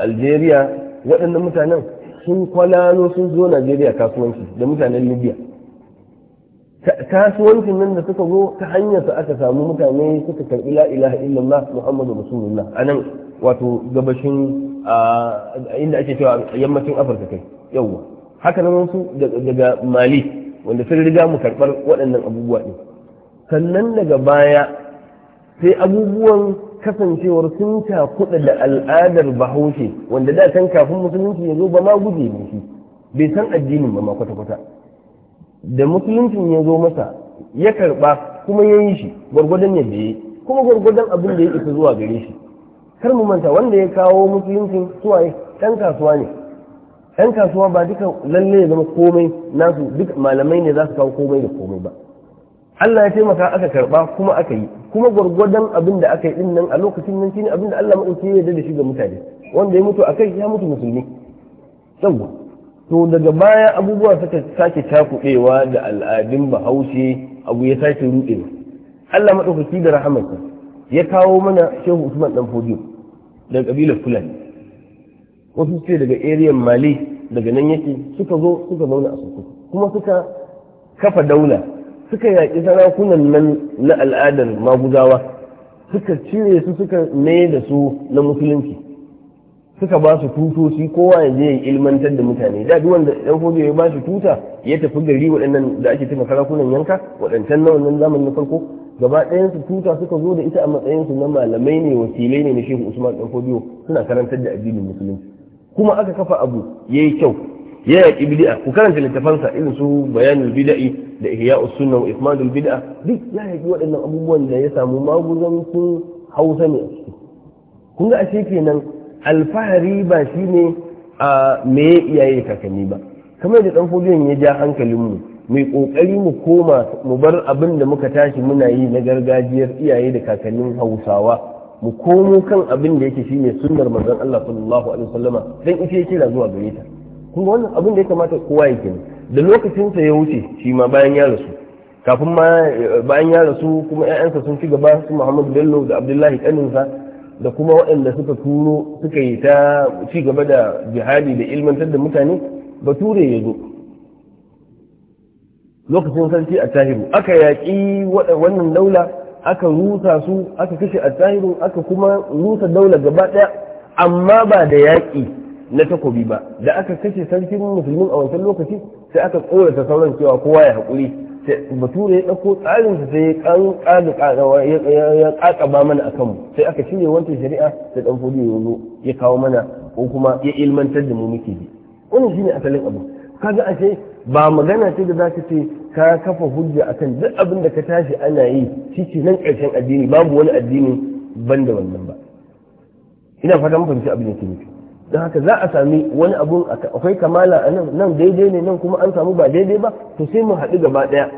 algeria waɗannan mutanen sun kwalano sun zo najeriya kasuwanci da mutanen libya kasuwancin nan da suka zo ta hanyar su aka samu mutane suka karɓi la ilaha illallah muhammadu rasulullah a nan wato gabashin inda ake cewa yammacin afirka kai yawwa haka nan wasu daga mali wanda sun riga mu karɓar waɗannan abubuwa ne sannan daga baya sai abubuwan kasancewar sun kuɗa da al'adar bahaushe wanda da can kafin musulunci ya zo ba ma guje ne shi bai san addinin ba ma kwata-kwata da musuluncin ya zo masa ya karɓa kuma ya yi shi gwargwadon ya yi kuma gwargwadon abin da ya isa zuwa gare shi kar mu manta wanda ya kawo musuluncin ya ɗan kasuwa ne ɗan kasuwa ba duka lallai ya zama komai nasu duk malamai ne za su kawo komai da komai ba Allah ya taimaka aka karba kuma aka yi kuma gwargwadon abin da aka yi din nan a lokacin nan shine abin da Allah madauki ya yarda da shi ga mutane wanda ya mutu akai ya mutu musulmi sabu to daga baya abubuwa suka sake cakuɗewa da al'adun bahaushe abu ya sake ruɗewa Allah madaukaki da rahamarsa ya kawo mana Shehu Usman dan Fodiyo daga kabilar Fulani wasu ce daga area Mali daga nan yake suka zo suka zauna a Sokoto kuma suka kafa daula suka yaƙi sarakunan nan na al'adar maguzawa suka cire su suka mai da su na musulunci suka ba su tutoci kowa ya je ya ilmantar da mutane da duk wanda dan hoje ya ba shi tuta ya tafi gari waɗannan da ake tuna sarakunan yanka waɗancan na wannan zamanin na farko gaba ɗayan su tuta suka zo da ita a matsayin su na malamai ne wakilai ne na Shehu Usman dan Fodiyo suna karantar da addinin musulunci kuma aka kafa abu yayi kyau ya yaƙi bid'a ku karanta littafansa irin su bayanul bid'i da ihya sunna wa ikmalul bid'a duk ya yaƙi waɗannan abubuwan da ya samu maguzan su hausa ne a ciki kun ga ashe kenan alfahari ba shine a me iyaye kakanni ba kamar da dan fodiyon ya ja hankalin mu mai kokari mu koma mu bar abin da muka tashi muna yi na gargajiyar iyaye da kakannin hausawa mu komo kan abin da yake shine sunnar manzon Allah sallallahu alaihi wasallama dan ita yake kira zuwa gare ta kuma wannan abin da ya kamata kowa ya gina da lokacinsa ya wuce shi ma bayan ya rasu kafin ma eh, bayan ya rasu kuma 'ya'yansa sun ci gaba su Muhammadu Bello da Abdullahi kaninsa da kuma waɗanda suka turo suka yi ta ci gaba da jihadi da ilmantar da mutane bature ya zo lokacin sarki a tahiru aka yaƙi wannan daula aka rusa su aka kashe a tahiru aka kuma rusa daula gaba ɗaya amma ba da yaƙi na takobi ba da aka kashe sarkin musulmin a wancan lokaci sai aka korata sauran cewa kowa ya haƙuri bature ya ɗauko tsarinsa sai ya ƙaƙaba mana a kanmu sai aka shirya wancan shari'a da ɗan fodi ya zo ya kawo mana ko kuma ya ilmantar da mu muke ji wannan shine asalin abu kaga ashe ba magana ce da za ka ce ka kafa hujja akan duk abin da ka tashi ana yi shi ke nan karshen addini babu wani addini ban da wannan ba ina fata mun fahimci abin da ke nufi don haka za a sami wani abun akwai kamala a nan daidai ne nan kuma an samu ba daidai ba to sai mu haɗu gaba ɗaya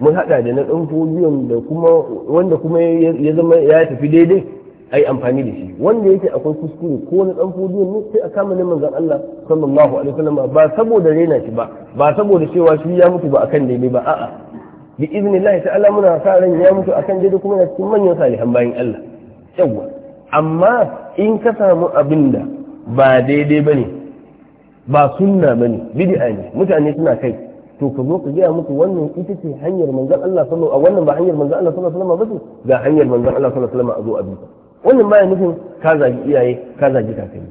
mun haɗa da na ɗan fodiyon da kuma wanda kuma ya zama ya tafi daidai a yi amfani da shi wanda yake akwai kuskure ko na ɗan fodiyon ne sai a kama neman zan Allah sallallahu alaihi wasallam ba saboda rena shi ba ba saboda cewa shi ya mutu ba akan daidai ba a'a bi iznillahi ta'ala muna sa ran ya mutu akan daidai kuma na cikin manyan salihan bayan Allah yawwa amma in ka samu abinda ba daidai ba ne ba sunna ba ne bid'a ne mutane suna kai to ka zo ka gaya muku wannan ita ce hanyar manzon Allah sallallahu alaihi wannan ba hanyar manzon Allah sallallahu alaihi wasallam ba ga hanyar manzon Allah sallallahu alaihi wasallam a zo a bi wannan baya nufin ka zagi iyaye ka zagi kakanni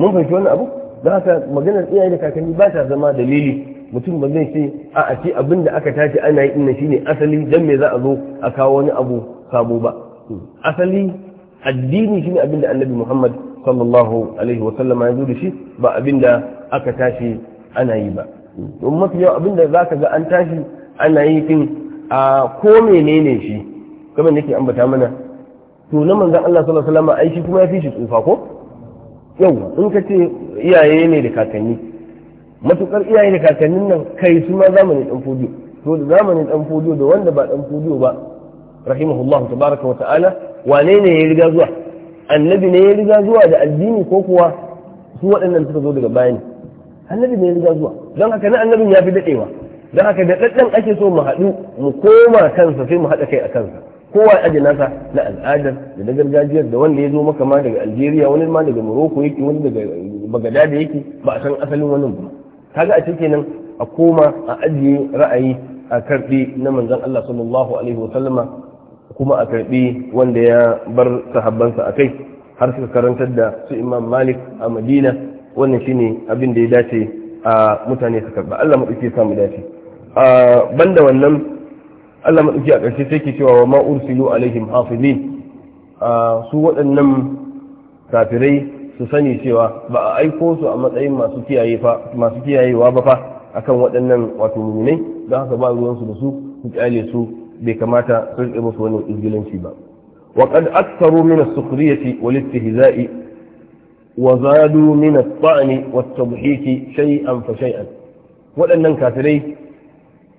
mun fahimci wannan abu don haka maganar iyaye da kakanni ba ta zama dalili mutum ba zai ce a a ce abin da aka tashi ana yi ina shine asali dan me za a zo a kawo wani abu sabo ba hmm. asali addini shine abin da annabi Muhammad sallallahu alaihi wa sallama ya zo da shi ba abinda aka tashi ana yi ba don mafi yawa abinda za ka ga an tashi ana yi fin a ko menene shi kamar nake ambata mana to na manzon Allah sallallahu alaihi wa sallama ai shi kuma ya fi shi tsufa ko yau in ka ce iyaye ne da kakanni matukar iyaye da kakannin nan kai su ma zamanin dan fodiyo to da zamanin dan fodiyo da wanda ba dan fodiyo ba rahimahullahu tabaraka wa ta'ala wane ne ya riga zuwa annabi ne ya riga zuwa da addini ko kuwa su waɗannan suka zo daga baya ne annabi ne ya riga zuwa don haka na annabin ya fi daɗewa don haka da ɗaɗɗan ake so mu haɗu mu koma kansa sai mu haɗa kai a kansa kowa ya aje nasa na al'adar da na gargajiyar da wanda ya zo maka ma daga algeria wani ma daga morocco yake wani daga bagada da yake ba a san asalin wannan ba kaga a cikin nan a koma a ajiye ra'ayi a karɓi na manzon allah sallallahu alaihi sallama. kuma a karbi wanda ya bar sahabbansa a kai har suka karantar da su imam malik a madina wannan shine abin da ya dace a mutane su karba allah maɗauki ya samu dace banda wannan allah maɗauki a ƙarshe sai ke cewa wa ma ursilu alaihim hafizin su waɗannan kafirai su sani cewa ba a aiko su a matsayin masu kiyayewa ba fa akan waɗannan wato muminai don haka ba ruwansu da su su kyale su bai kamata sun ƙi musu wani izgilanci ba wa qad aktharu min as-sukhriyati wal istihza'i wa zadu min at-ta'ni wat tabhiki shay'an fa shay'an waɗannan kafirai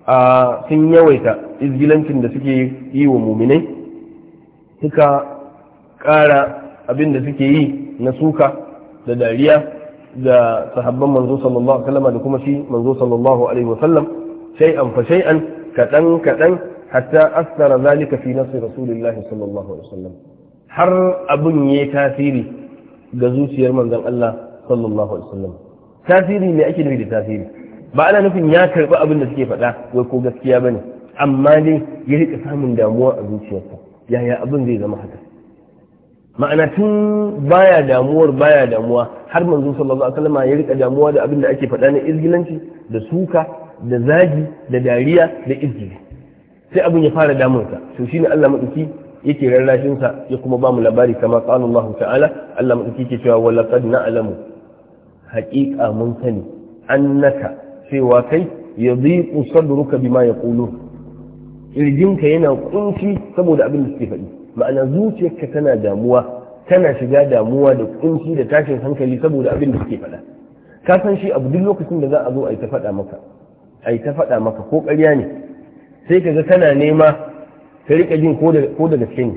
a sun yawaita izgilancin da suke yi wa muminai suka ƙara abin da suke yi na suka da dariya da sahabban manzo sallallahu alaihi wasallam da kuma shi manzo sallallahu alaihi wasallam shay'an fa shay'an kaɗan-kaɗan. hatta asara zalika fi nafsi rasulillahi sallallahu alaihi wasallam har abun yayi tasiri ga zuciyar manzon Allah sallallahu alaihi wasallam tasiri ne ake nufi da tasiri ba nufin ya karbi abin da suke faɗa wai ko gaskiya bane amma dai ya rika samun damuwa a zuciyarsa yaya abin zai zama haka ma'ana tun baya damuwar baya damuwa har manzo sallallahu alaihi wasallam ya rika damuwa da abin da ake faɗa na izgilanci da suka da zagi da dariya da izgili sai abin ya fara damunsa to shine Allah madauki yake rarrashin sa ya kuma ba mu labari kama qala Allah ta'ala Allah madauki yake cewa wala qad na'lamu haqiqa mun sani annaka cewa kai yadhiqu sadruka bima yaqulun kirjinka yana kunci saboda abin da suke faɗi ma'ana zuciyarka tana damuwa tana shiga damuwa da kunci da tashin hankali saboda abin da suke faɗa ka san shi abu duk lokacin da za a zo a yi ta faɗa maka a yi ta faɗa maka ko ƙarya ne sai ka ga tana nema ka rika jin ko da gaske ne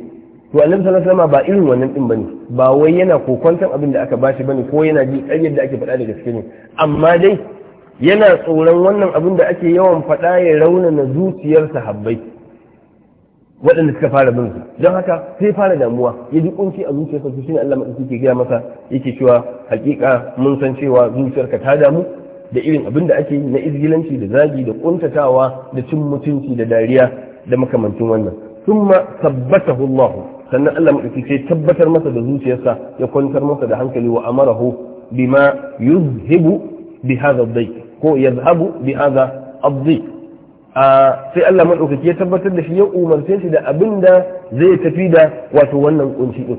to annabi sallallahu alaihi ba irin wannan din bane ba wai yana kokwantan abin da aka bashi bane ko yana ji ƙaryar da ake faɗa da gaske ne amma dai yana tsoron wannan abin da ake yawan faɗa ya raunana zuciyar sahabbai waɗanda suka fara bin su don haka sai fara damuwa ya ji kunci a zuciyarsa su shine Allah madauki ke gaya masa yake cewa hakika mun san cewa zuciyarka ta damu da irin abin da ake yi na izgilanci da zagi da kuntatawa da cin mutunci da dariya da makamancin wannan thumma sabbatahu Allah sannan Allah madauki sai tabbatar masa da zuciyarsa ya kwantar masa da hankali wa amarahu bima yuzhibu bi hadha ko yadhhabu bi hadha sai Allah madaukaki ya tabbatar da shi ya umarce shi da abinda zai tafi da wato wannan kunci din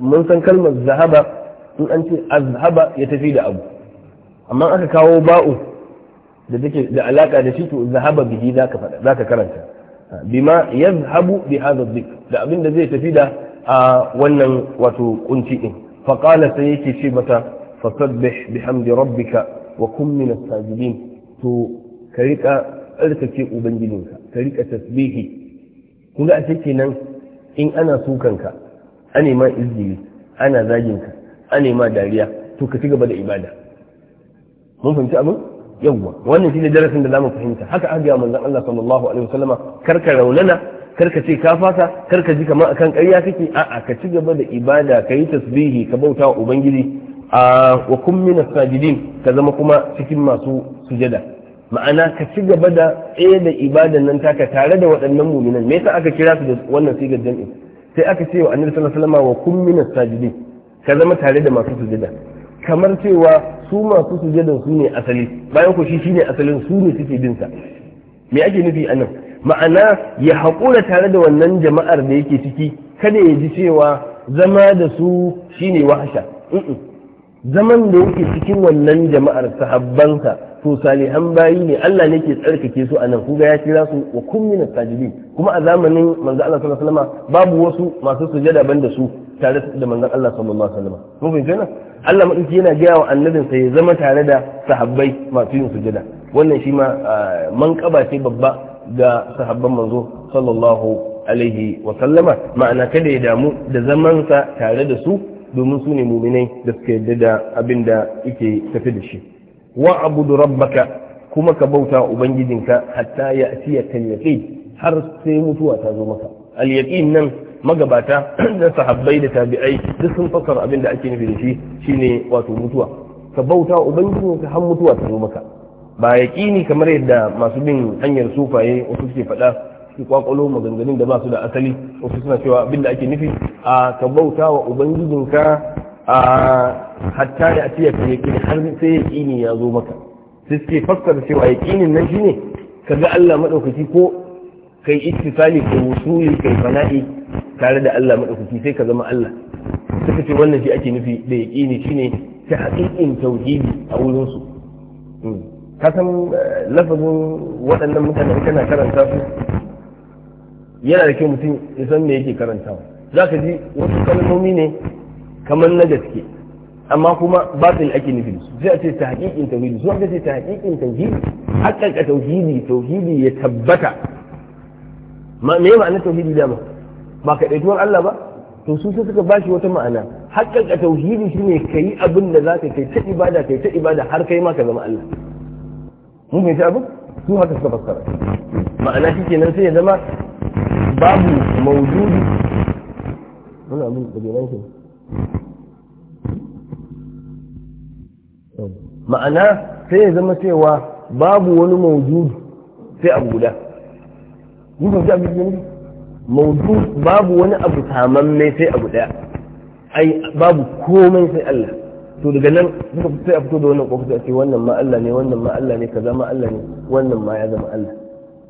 mun san kalmar zahaba in an ce azhaba ya tafi da abu amma aka kawo ba'u da take da alaka da shi to zahaba bihi zaka fada zaka karanta bima yazhabu bi hadha dhik da abin da zai tafi da a wannan wato kunci din fa qala sai yake ce mata fasabbih bihamdi rabbika wa kun min as-sajidin to ka rika ubangijinka ka rika tasbihi kun ga a in ana sukanka ana ma izini ana zaginka ana ma dariya to ka ci gaba da ibada mun fahimci abin yawwa wannan shine darasin da zamu fahimta haka aka ga manzon Allah sallallahu alaihi wasallama karka raunana karka ce ka fasa karka ji kamar akan ƙarya kake a'a ka ci gaba da ibada ka yi tasbihi ka bauta wa ubangiji a wa kun min sajidin ka zama kuma cikin masu sujada ma'ana ka ci gaba da tsaye da ibadan nan taka tare da waɗannan muminan me yasa aka kira su da wannan sigar jami'i sai aka ce wa annabi sallallahu alaihi wa min sajidin ka zama tare da masu sujada kamar cewa su masu sujadan su ne asali bayan ku shi shine asalin su ne suke bin sa me ake nufi anan ma'ana ya haƙura tare da wannan jama'ar da yake ciki kada ya ji cewa zama da su shine wahasha zaman da yake cikin wannan jama'ar sahabbansa to salihan bayi ne Allah ne ke tsarkake su a nan ku ga ya kira su wa kun sajidin kuma a zamanin manzo Allah sallallahu alaihi wasallam babu wasu masu sujada banda su tare da manzon Allah sallallahu alaihi wasallam mun fahimta Allah madauki yana gaya wa annabin sa ya zama tare da sahabbai masu yin sujada wannan shi ma manƙaba ce babba ga sahabban manzo sallallahu alaihi wa sallama ma'ana kada ya damu da zamansa tare da su domin su ne muminai da suka yarda da abin da yake tafi da shi wa abudu rabbaka kuma ka bauta ubangijinka hatta ya atiya yaqin har sai mutuwa ta zo maka al yaqin nan magabata da sahabbai da tabi'ai duk sun fassara abin da ake nufi da shi shine wato mutuwa ka bauta ubangijinka har mutuwa ta zo maka ba yaqini kamar yadda masu bin hanyar sufaye wasu suke faɗa su kwakwalo maganganun da ba su da asali wasu suna cewa abin da ake nufi a ka bauta wa ubangijinka hatta ya ce ya yaqini har sai yaqini ya zo maka sai suke fassara cewa yaqinin nan shine kaga Allah madaukaki ko kai ittifali ko wusuli kai fana'i tare da Allah madaukaki sai ka zama Allah suka ce wannan shi ake nufi da yaqini shine ta haƙiƙin tauhidi a wurin su hmm. ka san eh, lafazin waɗannan mutane kana karanta su yana da kyau mutum ya san me yake karantawa za ka ji wasu kalmomi ne kamar na gaske amma kuma batil ake nufi sai a ce ta haƙiƙin tauhidi su aka ce ta haƙiƙin tauhidi haƙaƙa tauhidi tauhidi ya tabbata ma me ma'anar tauhidi da ba ba ka ɗaituwar Allah ba to su sai suka bashi wata ma'ana haƙaƙa tauhidi shine kai abin da zaka kai ta ibada kai ta ibada har kai ma ka zama Allah mun fahimci abu su haka suka fassara ma'ana shikenan sai ya zama babu maududi. wannan abin da bai ma'ana sai ya zama cewa babu wani maujudu sai abu guda yi fahimci abu ne maujudu babu wani abu tamamme sai abu daya ai babu komai sai Allah to daga nan suka sai a fito da wannan kofi a ce wannan ma Allah ne wannan ma Allah ne kaza ma Allah ne wannan ma ya zama Allah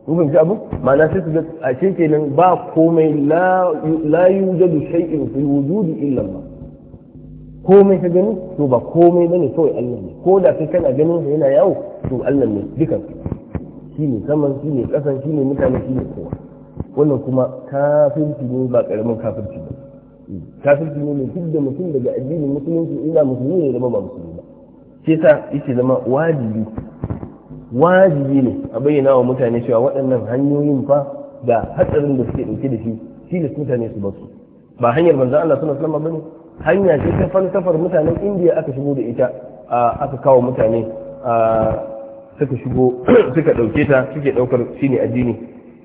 mun fahimci abu ma'ana sai su ga a cikin kenan ba komai la yujadu shay'in fi wujudi illa Allah komai ka gani to ba komai bane kawai Allah ne ko da kai kana ganin sa yana yawo to Allah ne dukan shine saman shine kasan shine mutane shine kowa wannan kuma kafirci ne ba karamin kafirci ba kafirci ne ne duk da mutum daga addinin musulunci ina musulmi ne zama ba musulmi ba sai sa yake zama wajibi wajibi ne a bayyana wa mutane cewa waɗannan hanyoyin fa da hatsarin da suke ɗauke da shi shi da mutane su ba su ba hanyar manzo Allah sallallahu alaihi wasallam ne? hanya ce ta falsafar mutanen indiya aka shigo da ita aka kawo mutane suka shigo suka ɗauke ta suke ɗaukar shi ne addini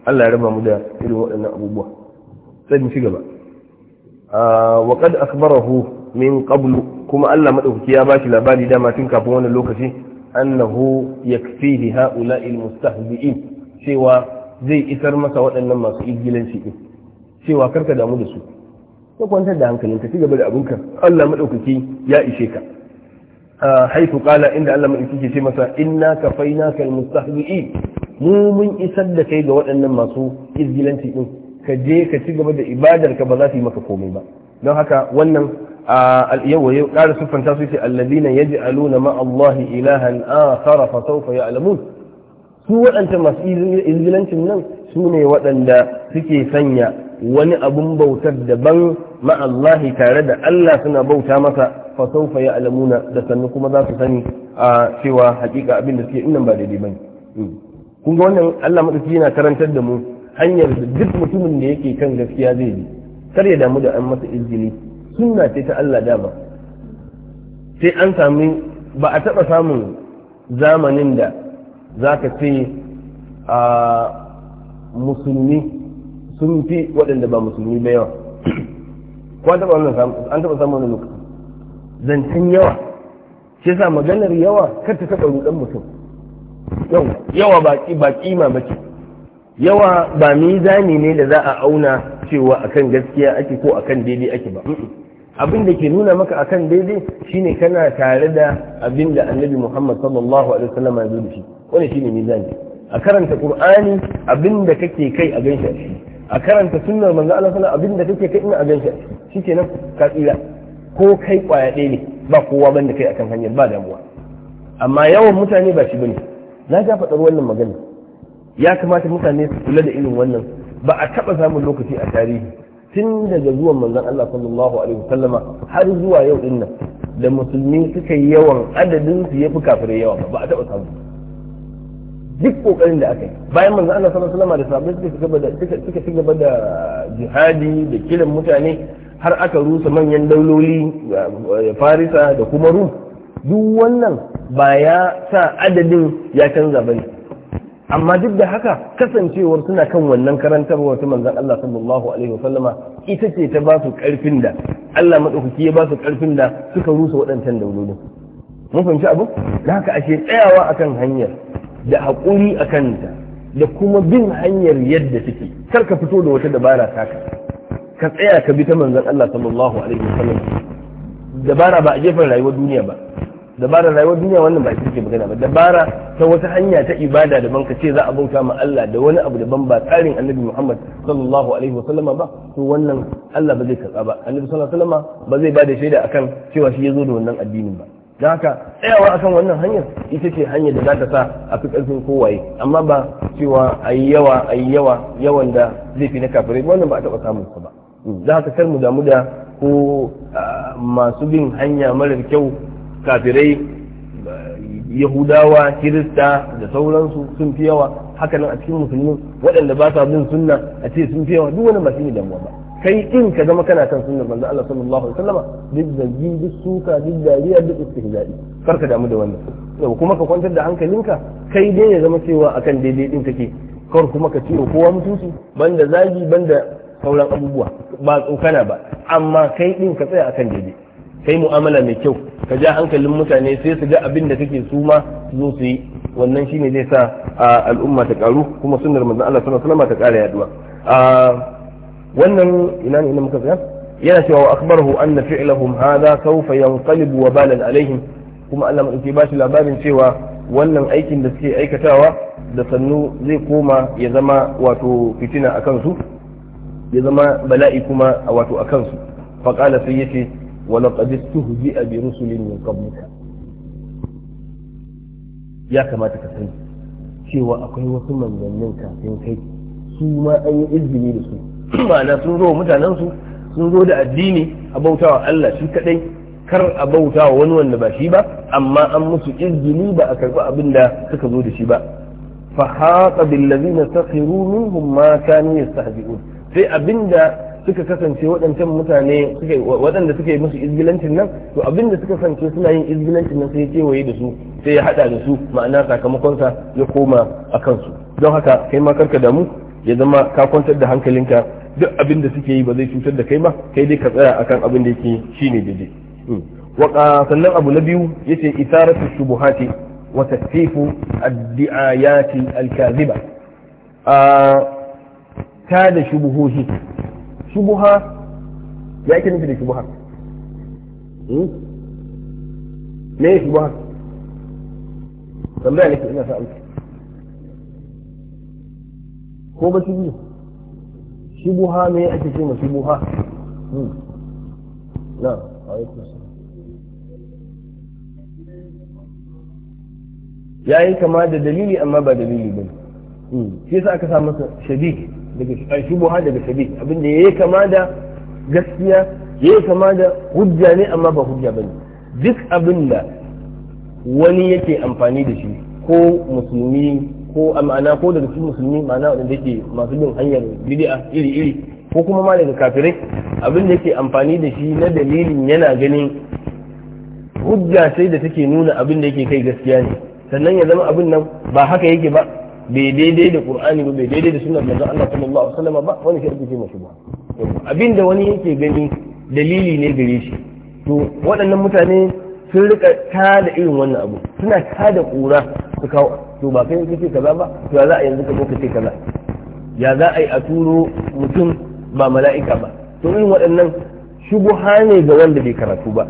allah ya raba mu da irin waɗannan abubuwa sai mu shiga ba wa qad akhbarahu min qablu kuma allah madaukaki ya bashi labari dama tun kafin wannan lokaci annahu yakfihi ha'ula'il mustahzi'in cewa zai isar masa waɗannan masu igilanci din cewa karka damu da su ka kwantar da hankalinka ci gaba da abinka Allah madaukaki ya ishe ka haifu kala inda Allah madaukaki ke ce masa inna kafainaka almustahzi'in mu mun isar da kai ga waɗannan masu izgilanci din ka je ka ci gaba da ibadar ka ba za su yi maka komai ba don haka wannan yau yau ƙara siffanta su ce alladina yaj'aluna ma'allahi Allah ilahan akhara fa sawfa ya'lamun su waɗanta masu izilancin nan su ne waɗanda suke sanya wani abun bautar daban ma'allahi tare da Allah suna bauta masa fa saufa ya alamuna da sannu kuma za su sani a cewa hakika abin da suke inan ba daidai ba hmm. kun ga wannan Allah madauki yana karantar da mu hanyar da duk mutumin da yake kan gaskiya zai bi kar ya damu da an masa izini sunna ce ta Allah dama sai an sami ba a taɓa samun zamanin da za ka ce a musulmi sun fi waɗanda ba musulmi ba yawa ko an taɓa wannan an taɓa samun wani lokaci zancen yawa shi sa maganar yawa kar ta taɓa ruɗan mutum yawa ba kima ba ce yawa ba mizani ne da za a auna cewa akan gaskiya ake ko akan daidai ake ba abin da ke nuna maka akan daidai shine kana tare da abin da annabi muhammad sallallahu alaihi wasallam ya zo da shi wani shine mizani a karanta qur'ani abinda kake kai a ganshi shi a karanta sunnar manzo Allah sallallahu abinda kake kai ina a ganshi shikenan ka tsira ko kai kwaya ɗaya ne ba kowa banda kai akan hanyar ba damuwa amma yawan mutane ba shi bane na ga faɗar wannan magana ya kamata mutane su kula da irin wannan ba a taɓa samun lokaci a tarihi tun daga zuwan manzon Allah sallallahu alaihi wasallama har zuwa yau dinnan da musulmi suka yi yawan adadin su yafi kafirai yawa ba a taɓa samu duk kokarin da aka yi bayan manzo Allah sallallahu alaihi wasallam da sahabbai suka gaba suka ci gaba da jihadi da kiran mutane har aka rusa manyan dauloli eh, Farisa da kuma Rum duk wannan ba ya sa adadin ya canza bane amma duk da haka kasancewar suna kan wannan karantarwa ta manzon Allah sallallahu alaihi wasallam ita ce ta ba su karfin da Allah madaukaki ya ba su karfin da suka rusa waɗancan daulolin mun fahimci abu da haka ashe tsayawa akan hanyar da haƙuri a kanta da kuma bin hanyar yadda take kar ka fito da wata dabara taka ka tsaya ka bi ta manzan Allah sallallahu alaihi wasallam dabara ba a gefen rayuwar duniya ba dabara rayuwar duniya wannan ba ita ce magana ba dabara ta wata hanya ta ibada daban ka ce za a bauta ma Allah da wani abu daban ba tsarin Annabi Muhammad sallallahu alaihi wasallam ba to wannan Allah ba zai karba ba Annabi sallallahu alaihi wasallam ba zai ba da shaida akan cewa shi ya zo da wannan addinin ba da haka tsayawa akan wannan hanyar ita ce hanyar da za ta sa a fi ƙarfin kowaye amma ba cewa a yi yawa a yi yawa yawan da zai fi na kafirai wannan ba a taɓa samun su ba za ka kar mu damu da ko masu bin hanya marar kyau kafirai yahudawa kirista da sauransu sun fi yawa hakanan a cikin musulmi waɗanda ba sa bin sunna a ce sun fi yawa duk wani ba shi ne damuwa ba kai din ka zama kana kan sunnar manzo Allah sallallahu alaihi wasallama duk zargi duk suka duk dariya duk istihza'i kar ka damu da wannan yau kuma ka kwantar da hankalinka kai dai ya zama cewa akan daidai din kake kar kuma ka ciwo kowa mutunci banda zagi banda sauran abubuwa ba tsokana ba amma kai din ka tsaya akan daidai kai mu'amala mai kyau ka ja hankalin mutane sai su ga abin da kake su ma zo su yi wannan shine zai sa al'umma ta karu kuma sunnar manzon Allah sallallahu alaihi wasallama ta kara yaduwa wannan ina ne ina muka tsaya yana cewa wa akhbarahu anna fi'lahum hadha sawfa yanqalibu wabalan alaihim kuma Allah madauki ba shi labarin cewa wannan aikin da suke aikatawa da sannu zai koma ya zama wato fitina a kansu ya zama bala'i kuma a wato a kansu faƙala sai yace wa laqad istuhzi'a bi rusulin min qablika ya kamata ka sani cewa akwai wasu manzannin kafin kai su ma an yi izini da su ma'ana sun zo mutanen su sun zo da addini a bautawa Allah shi kadai kar a bautawa wani wanda ba shi ba amma an musu izgili ba a karɓi abin da suka zo da shi ba fa haqa bil ladina sakhiru minhum ma kanu yastahzi'un sai abinda suka kasance waɗancan mutane waɗanda suka yi musu izgilancin nan to abinda suka kasance suna yin izgilancin nan sai ya kewaye da su sai ya haɗa da su ma'ana sakamakonsa ya koma a kansu don haka kai ma karka damu ya zama ka kwantar da hankalinka duk abin da suke yi ba zai cutar da kai ba kai dai ka tsaya akan abin da yake ne daidai hmm. waka sannan abu na biyu ya ce isaratu shubuhati wa tasfifu ad-di'ayati al-kadhiba a ta da shubuhuhi shubuha ya ke nufi da shubuha hmm? me shubuha tambaya ke ina sa ko ba su buha me ake ce ma buha hmm. na kusa ya yi kama da dalili amma ba dalili ba hmm. shi yasa aka samu masa shabi daga buha daga shabi abinda ya yi kama da gaskiya ya yi kama da hujja ne amma ba hujja ba ne duk abinda wani yake amfani da shi ko musulmi ko a ma'ana ko daga cikin musulmi ma'ana wanda yake masu bin hanyar bid'a iri iri ko kuma ma daga kafirai abin da yake amfani da shi na dalilin yana ganin hujja sai da take nuna abin da yake kai gaskiya ne sannan ya zama abin nan ba haka yake ba bai daidai da qur'ani ba bai daidai da sunnar manzon Allah sallallahu alaihi wasallam ba wani shi ke mashi ba abin da wani yake gani dalili ne gare shi to waɗannan mutane sun rika da irin wannan abu suna da ƙura. su kawo to ba kai kake kaza ba to ya za a yanzu ka zo kace kaza ya za a yi a turo mutum ba mala'ika ba to irin waɗannan shubuha ne ga wanda bai karatu ba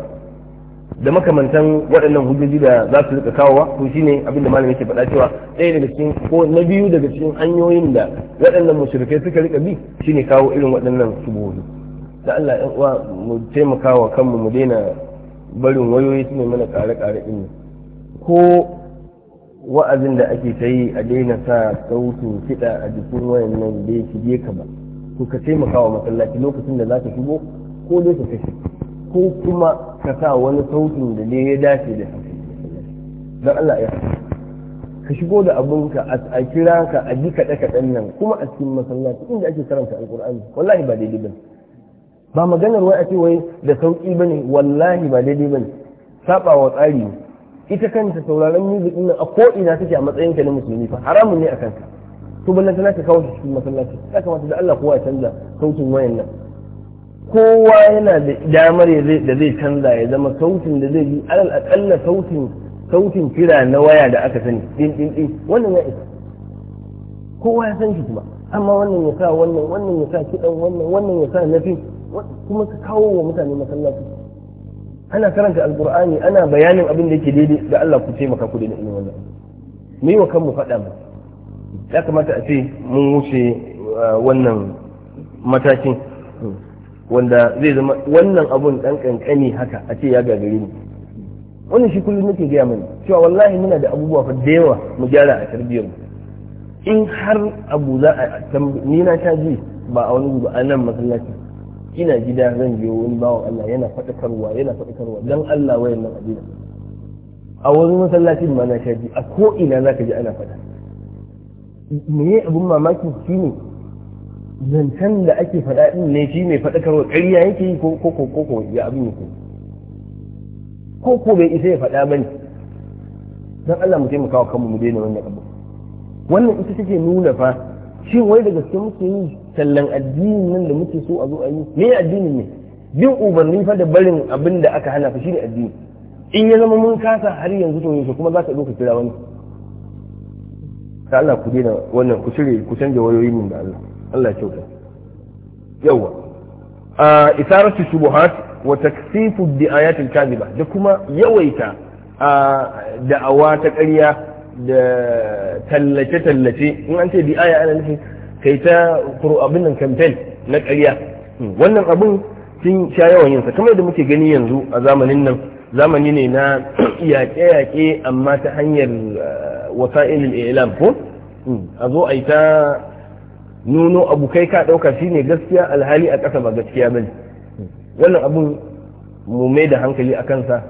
da makamantan waɗannan hujjoji da za su rika kawowa to shine abin da malami yake faɗa cewa ɗaya daga cikin ko na biyu daga cikin hanyoyin da waɗannan mushrikai suka rika bi shine kawo irin waɗannan shubuhu da Allah yan uwa mu taimaka wa kanmu mu daina barin wayoyi su ne mana kare-kare ɗin ko wa'azin da ake ta yi a daina sa sautin kiɗa a jikin wayannan da ya shige ka ba to ka taimaka wa masallaci lokacin da za ka shigo ko dai ka kashe ko kuma ka sa wani sautin da ne ya dace da don Allah ya ka shigo da ka a kira ka a ji kaɗe kaɗen nan kuma a cikin masallaci inda ake karanta alƙur'ani wallahi ba daidai ne, ba maganar wai a ce wai da sauƙi ba ne, wallahi ba daidai ba ne, wa tsari ne. ita kanta sauraron music din a ko ina take a matsayin ka na musulmi fa haramun ne a kanka to ballan tana ka kawo cikin masallaci ya kamata da Allah kowa ya canza sautin wayan nan kowa yana da damar da zai canza ya zama sautin da zai bi alal akalla sautin sautin kira na waya da aka sani din din din wannan ya isa kowa ya san shi kuma amma wannan ya sa wannan wannan ya sa kidan wannan wannan ya sa nafi kuma ka kawo wa mutane masallaci ana karanta alqur'ani ana bayanin abin da yake daidai da Allah ku taimaka ku daina irin wannan mu yi wa kanmu faɗa mu ya kamata a ce mun wuce wannan matakin wanda zai zama wannan abun dan kankani haka a ce ya gagare ni wannan shi kullum nake gaya mani cewa wallahi muna da abubuwa fa da yawa mu gyara a tarbiyyar mu in har abu za a ni na ta ji ba a wani gudu a nan masallaci ina gida zan biyo wani bawan Allah yana faɗakarwa yana faɗakarwa dan Allah wayan nan abin a wani masallacin ma na shaji a ko ina ka ji ana faɗa me abun mamaki shine zancen da ake faɗa din ne shi mai faɗakarwa ƙarya yake yi ko ko ko ko ya abin yake ko ko bai isa ya faɗa bane dan Allah mu taimaka wa kanmu mu daina wannan abu wannan ita take nuna fa shin wai da gaske muke yi Sallan addinin nan da muke so a zo a yi me addinin ne bin ubanni fa da barin abin da aka hana fa shine addini in ya zama mun kasa har yanzu to yanzu kuma za ka ɗauka kira wani ta Allah ku daina wannan ku shirye ku canja wayoyin mun da Allah Allah ya kyauta yawa a isaratu subuhat wa taksifu bi ayatin kadhiba da kuma yawaita da'awa ta ƙarya da tallace-tallace in an ce di'aya ana nufin kai ta abin nan campaign na ƙarya hmm. wannan abun sun sha yawan yinsa kamar da muke gani yanzu a zamanin nan zamani ne na yaƙe-yaƙe amma ta hanyar uh, wasa'ilin ilam ko hmm. a zo a yi ta nuno abu kai ka ɗauka shi ne gaskiya alhali a ƙasa ba gaskiya ba ne wannan abun mu mai da hankali a kansa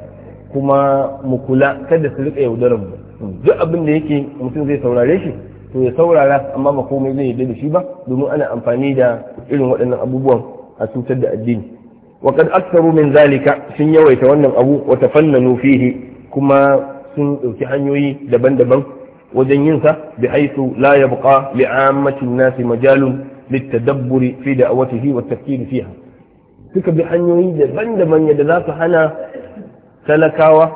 kuma mu kula kada su riƙa yaudarar mu hmm. duk abin da yake mutum zai saurare shi to ya saurara amma ba komai zai yarda da shi ba domin ana amfani da irin waɗannan abubuwan a cutar da addini wa kad aktaru min zalika sun yawaita wannan abu wa tafannanu fihi kuma sun ɗauki hanyoyi daban-daban wajen yin sa bi haythu la yabqa li ammatin nas majalun litadabburi fi da'awatihi wa tafkiri fiha suka bi hanyoyi daban-daban yadda za su hana talakawa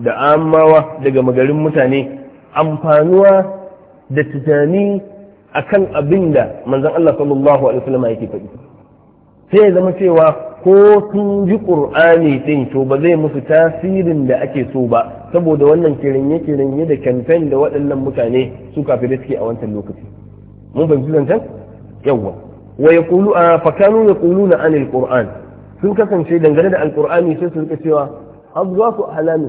da amawa daga magarin mutane amfanuwa da tunani akan abin da manzon Allah sallallahu alaihi wasallam yake faɗi sai ya zama cewa ko sun ji ƙur'ani din to ba zai musu tasirin da ake so ba saboda wannan kiranye kiranye da kamfen da waɗannan mutane su da suke a wancan lokaci mun fahimci zancen yawwa wa yaqulu ya kulu na anil qur'an sun kasance dangane da alqur'ani sai su rika cewa har za su halami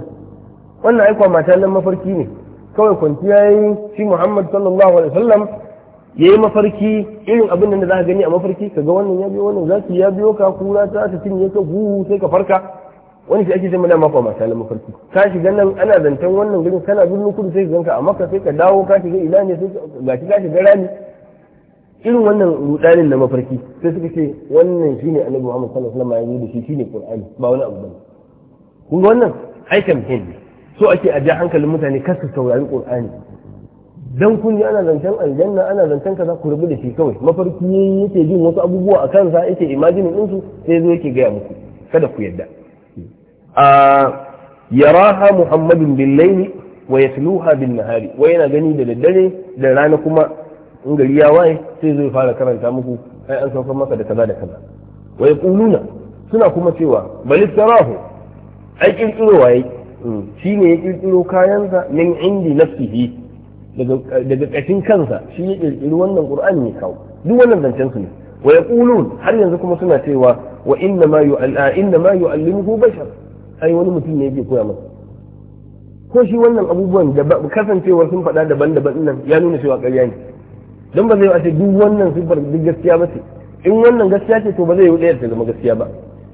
wannan aikwa mata nan mafarki ne kawai kwanciya yi shi Muhammad sallallahu alaihi wasallam ya yi mafarki irin abin da za ka gani a mafarki ka ga wannan ya biyo wannan zaki ya biyo ka kura ta ta cinye ka guhu sai ka farka wani shi ake sai mana mafa mata na mafarki ka shiga nan ana zantan wannan gudun. kana birnin kudu sai ka ganka a maka sai ka dawo ka shiga ila ne sai ga shi ka shiga rami irin wannan rudanin na mafarki sai suka ce wannan shine annabi Muhammad sallallahu alaihi wasallam ya yi da shi shine Qur'ani ba wani abu bane kun ga wannan aikan hin so ake a ji hankalin mutane kar su saurari qur'ani dan kun ji ana zancen aljanna ana zancen kaza ku rubu da shi kawai mafarki yake jin wasu abubuwa a kansa yake imaginin din su sai zo yake gaya muku kada ku yadda a yaraha muhammadun bil layli wa yatluha bin nahari wa yana gani da daddare da rana kuma in gari ya waye sai zai fara karanta muku ai an saukar maka da kaza da kaza wa yaquluna suna kuma cewa bal istarahu ai kirkiro waye shi ne ya ƙirƙiro kayansa min indi nafsihi daga ƙashin kansa shi ya ƙirƙiro wannan qur'ani ne kawo duk wannan zancen su ne wa yaqulun har yanzu kuma suna cewa wa inna ma yu'alla inna ma yu'allimuhu bashar ai wani mutum ne yake koya masa ko shi wannan abubuwan da kasancewar sun faɗa daban-daban nan ya nuna cewa ƙarya ne don ba zai yi a ce duk wannan siffar duk gaskiya ba ce in wannan gaskiya ce to ba zai yi ɗaya ta zama gaskiya ba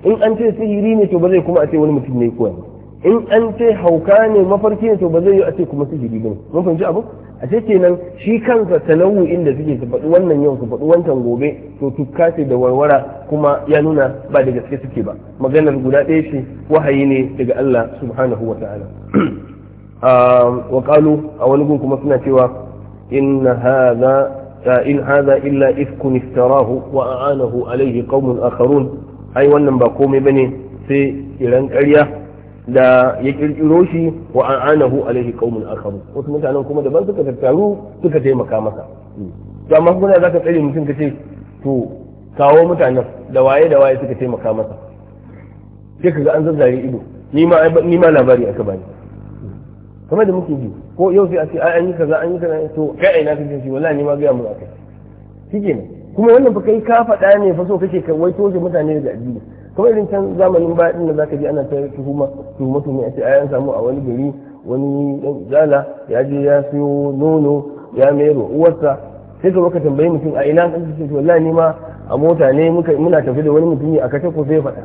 in an ce sihiri ne to ba zai kuma a ce wani mutum ne koya masa in an ce hauka ne mafarki ne to ba zai yi a ce kuma sihiri ba mun fahimci abu a ce kenan shi kansa tanawu inda suke su faɗi wannan yau su faɗi wancan gobe to tukka ce da warwara kuma ya nuna ba da gaske suke ba maganar guda ɗaya ce wahayi ne daga Allah subhanahu wa ta'ala wa qalu a wani gun kuma suna cewa inna hadha in hadha illa ifkun iftarahu wa a'anahu alayhi qaumun akharun ai wannan ba komai bane sai iran ƙarya da ya kirkiro shi wa an anahu alaihi qaumun akharu wasu mutanen kuma daban suka tattaru suka taimaka masa to amma kuma za ka tsare mutum ka ce to kawo mutanen da waye da waye suka taimaka masa sai ka ga an zazzare ido ni ma labari aka bani kamar da muke ji ko yau sai a ce an yi kaza an yi kaza to kai na kake shi wallahi ni ma ga mu akai shikenan kuma wannan fa kai ka faɗa ne fa so kake wai toje mutane daga addini kawai irin can zamanin baya din da zaka ji ana ta tuhuma tuhuma tuhuma a ce ai an samu a wani gari wani dan izala ya je ya siyo nono ya mero uwarsa sai ka baka tambayi mutum a ina kan ce wallahi ni ma a mota ne muka muna tafi da wani mutumi a kace ko sai faɗa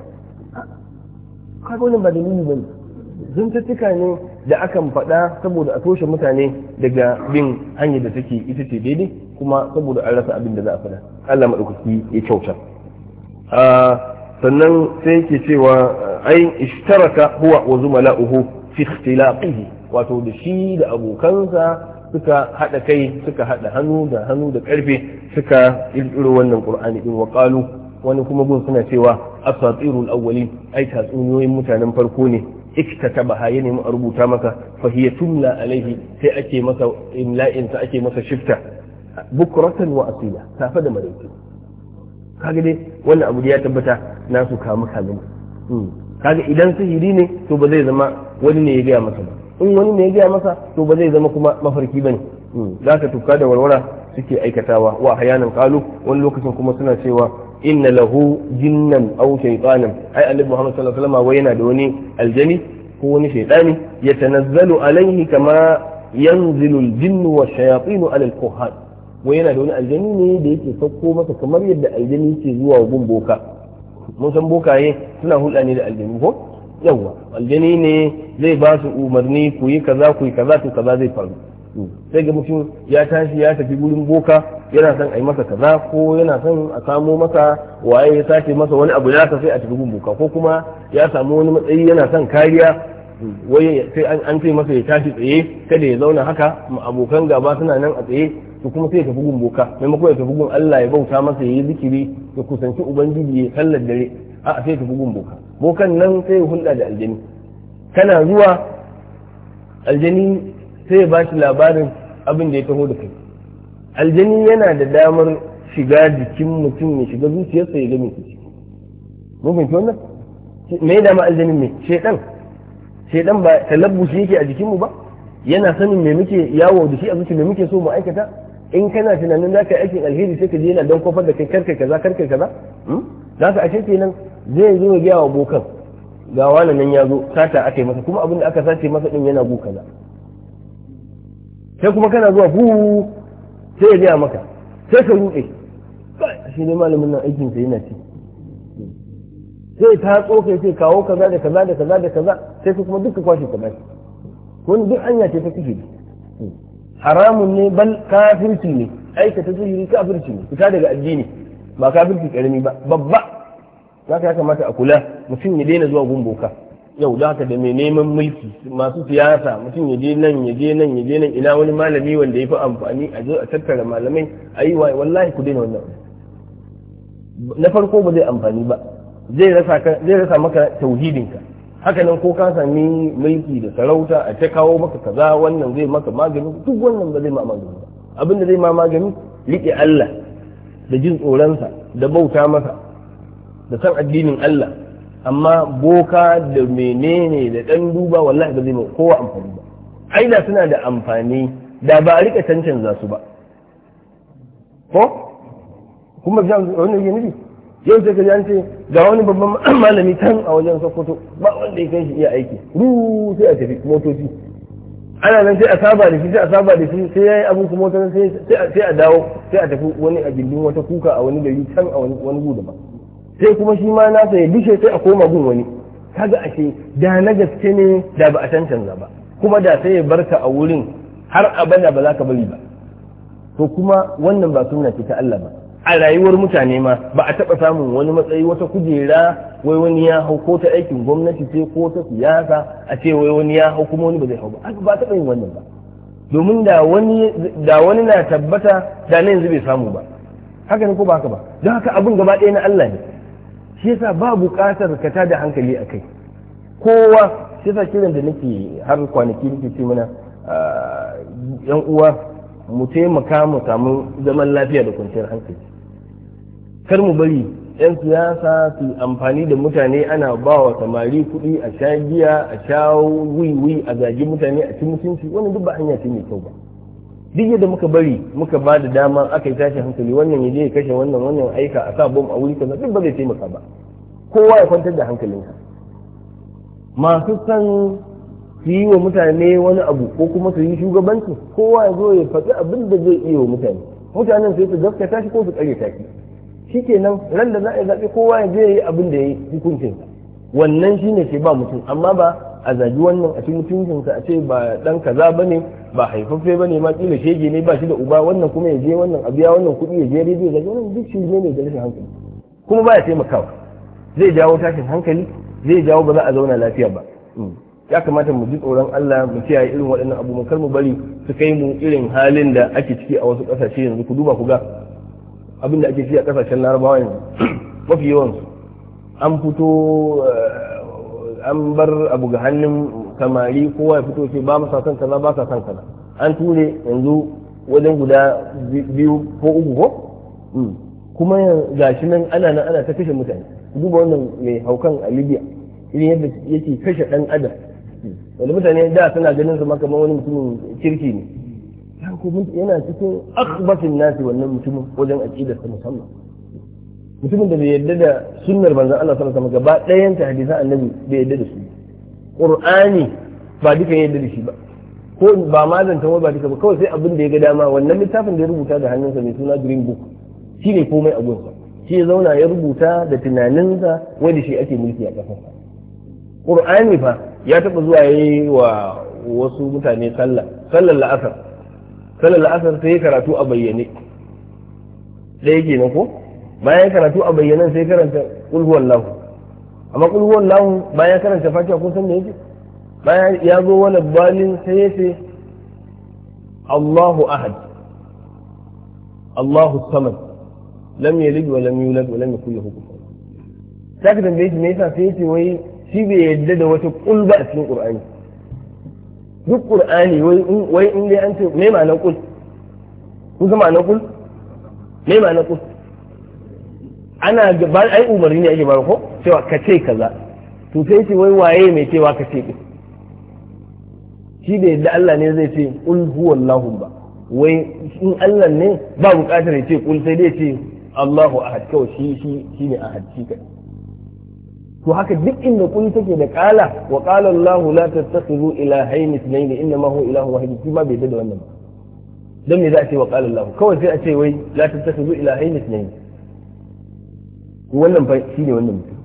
ka ga wannan ba dalili bane zantuttuka ne da akan faɗa saboda a toshe mutane daga bin hanyar da take ita ce daidai kuma saboda an rasa abin da za a faɗa Allah maɗaukaki ya kyauta ah, sannan sai yake cewa ai ishtaraka huwa wa zumala'uhu fi ikhtilaqihi wato da shi da abokansa suka hada kai suka hada hannu da hannu da karfe suka kirkiro wannan qur'ani din wa qalu wani kuma gun suna cewa asatirul awwalin ai tatsuniyoyin mutanen farko ne iktatabaha ya nemi a rubuta maka fa tumla alaihi sai ake masa imla'in sa ake masa shifta bukratan wa asila safa da maraice kaga dai wannan abu ya tabbata na su kamu kamin hmm. kaga idan sihiri ne to ba zai zama wani ne ya gaya masa ba in wani ne ya gaya masa to ba zai zama kuma mafarki bane hmm. za ka tuka da warwara suke aikatawa wa hayanan kalu wani lokacin kuma suna cewa inna lahu jinnan aw shaytanan ai annabi Muhammad sallallahu alaihi wasallam yana da wani aljani ko wani shaytani yatanazzalu alaihi kama yanzilu aljinnu wa shayatinu ala alkuhan wai yana da wani aljani ne da yake sauko masa kamar yadda aljani ke zuwa gun boka mun san bokaye suna hulɗa ne da aljani ko yawa aljani ne zai ba su umarni ku yi kaza ku yi kaza to kaza zai faru sai ga mutum ya tashi ya tafi gurin boka yana son a yi masa kaza ko yana son a samo masa waye ya sace masa wani abu ya sai a tafi gun boka ko kuma ya samu wani matsayi yana son kariya wai sai an ce masa ya tashi tsaye kada ya zauna haka abokan gaba suna nan a tsaye to kuma sai ya tafi gun boka maimakon ya tafi gun Allah ya bauta masa ya yi zikiri ya kusanci ubangiji ya sallar dare a sai ya tafi gun boka bokan nan sai ya hulɗa da aljani kana zuwa aljani sai ya bashi labarin abin da ya taho da kai aljani yana da damar shiga jikin mutum ya shiga zuciyarsa ya gami mai ciki mun fahimci wannan me da ma aljanin me shedan shedan ba talabbushi yake a jikinmu ba yana sanin me muke yawo da shi a zuci me muke so mu aikata in kana tunanin za ka aikin alheri sai ka je yana don kofar da kai karkai kaza karkai kaza hmm? za ka ashe kenan zai zo ya gaya wa bokan ga wani nan ya zo sata aka yi masa kuma abin da aka sace masa din yana gu kaza sai kuma kana zuwa bu sai ya gaya maka sai ka rufe. shi ne malamin nan aikin sa yana ci sai ta tsoka sai kawo kaza da kaza da kaza da kaza sai kuma duka kwashe kaza bashi wani duk anya ce ta kike haramun ne bal kafirci ne aikata sihiri kafirci ne fita daga addini ba kafirci karami ba babba za ka ya kamata a kula mutum ya daina zuwa gumboka yau da haka da mai neman mulki masu siyasa mutum ya je nan ya je nan ya je nan ina wani malami wanda ya fi amfani a zo a tattara malamai a yi wallahi ku daina wannan na farko ba zai amfani ba zai rasa maka tauhidinka haka nan ko ka sami mulki da sarauta a ta kawo maka kaza wannan zai maka magani duk wannan ba zai ma magani ba abin da zai ma magani riƙe Allah da jin tsoronsa da bauta masa da san addinin Allah amma boka da menene da ɗan duba wallahi ba zai ma kowa amfani ba ai da suna da amfani da ba a riƙa cancanza su ba ko kuma wani yake nufi yau sai ka an ce ga wani babban malami can a wajen sokoto ba wanda ya kai shi iya aiki ru sai a tafi motoci ana nan sai a saba da shi sai a saba da shi sai yayi abin kuma motar sai a dawo sai a tafi wani a gindin wata kuka a wani gari can a wani gudu ba sai kuma shi ma nasa ya dishe sai a koma gun wani kaga ashe da na gaske ne da ba a cancanza ba kuma da sai ya barka a wurin har abada ba za ka bari ba to kuma wannan ba sunna ce ta Allah ba a rayuwar mutane ma ba a taɓa samun wani matsayi wata kujera wai wani ya hau ko ta aikin gwamnati ce ko ta siyasa a ce wai wani ya hau kuma wani ba zai hau ba a ba taɓa yin wannan ba domin da wani da wani na tabbata da na yanzu bai samu ba haka ne ko ba haka ba don haka abin gaba ɗaya na Allah ne shi yasa ba buƙatar ka tada hankali a kai kowa shi yasa kiran da nake har kwanaki nake ce mana ah, yan uwa mu taimaka mu samu zaman lafiya da kwanciyar hankali kar mu bari 'yan siyasa su amfani da mutane ana ba wa samari kuɗi a sha giya a sha wiwi a zagi mutane a ci mutunci wani duk ba hanya ce mai kyau ba duk yadda muka bari muka ba da dama aka yi tashi hankali wannan ya je kashe wannan wannan aika a sa bom a wuri kaza duk ba zai taimaka ba kowa ya kwantar da hankalinsa masu san su yi wa mutane wani abu ko kuma su yi shugabanci kowa ya zo ya faɗi abin da zai iya wa mutane mutanen sai su gaskata shi ko su ƙare taki shikenan ran da za a zaɓi kowa ya je yi abin da ya yi hukuncin wannan shine ke ba mutum amma ba a zagi wannan a cikin mutuncinsa a ce ba dan kaza bane ba haifaffe bane ma kila shege ne ba shi da uba wannan kuma ya je wannan abiya wannan kuɗi ya je rediyo zagi wannan duk shi ne da rashin hankali kuma ba ya taimakawa zai jawo tashin hankali zai jawo ba za a zauna lafiya ba ya kamata mu ji tsoron Allah mu kiyaye irin waɗannan abubuwan kar mu bari su kai mu irin halin da ake ciki a wasu ƙasashe yanzu ku duba ku ga abin da ake ci a kasashen larabawa yanzu mafi su an fito eh, an bar abu ga hannun samari kowa ya fito ce ba masa son kaza ba sa son kaza an ture yanzu wajen guda biyu ko uku ko hmm. kuma shi nan ana nan ana ta kashe mutane duba wannan mai haukan a libya irin yadda yake kashe dan adam wani mutane da suna ganin su ma kamar wani mutumin kirki ne cikin yana cikin akbasin nasi wannan mutumin wajen aqidar sa musamman mutumin da bai yadda da sunnar manzon Allah sallallahu alaihi wasallam gaba ɗayan ta hadisan annabi bai yadda da su qur'ani ba duka yadda da shi ba ko ba ma ba duka ba kawai sai abin da ya ga dama wannan littafin da ya rubuta da hannunsa mai suna green book shine komai a gunsa shi ya zauna ya rubuta da tunaninsa wanda shi ake mulki a ƙasar Qur'ani fa ya taɓa zuwa yi wa wasu mutane sallah sallar la'asar sallar la'asar sai karatu a bayyane ɗaya kenan ko bayan karatu a bayyanan sai karanta ƙulhuwan lahu amma ƙulhuwan lahu bayan karanta fatiha kun san yake bayan ya zo wani balin sai ya ce Allahu ahad Allahu samad lam yalid wa lam yulad wa lam yakul lahu kufuwan sai ka tambaye shi me yasa sai ya ce wai shi bai yadda da wata kulba a cikin qur'ani duk qur'ani wai wai in dai an ce me ma'anar kul kun san ma'anar kul me ma'anar kul ana ba ai umarni ne ake ba ko cewa ka ce kaza to sai ce wai waye mai cewa ka ce shi da yadda Allah ne zai ce kul huwallahu ba wai in Allah ne ba bukatar ya ce kul sai dai ce Allahu ahad kawai shi shi ne ahad shi kai to haka duk inda kun take da kala wa qala Allahu la tattakhidhu ilahayn ithnayn inna ma huwa ilahu wahid shi ma bai da wannan ba dan me za a ce wa qala Allahu kawai sai a ce wai la tattakhidhu ilahayn ithnayn wannan fa shine wannan mutum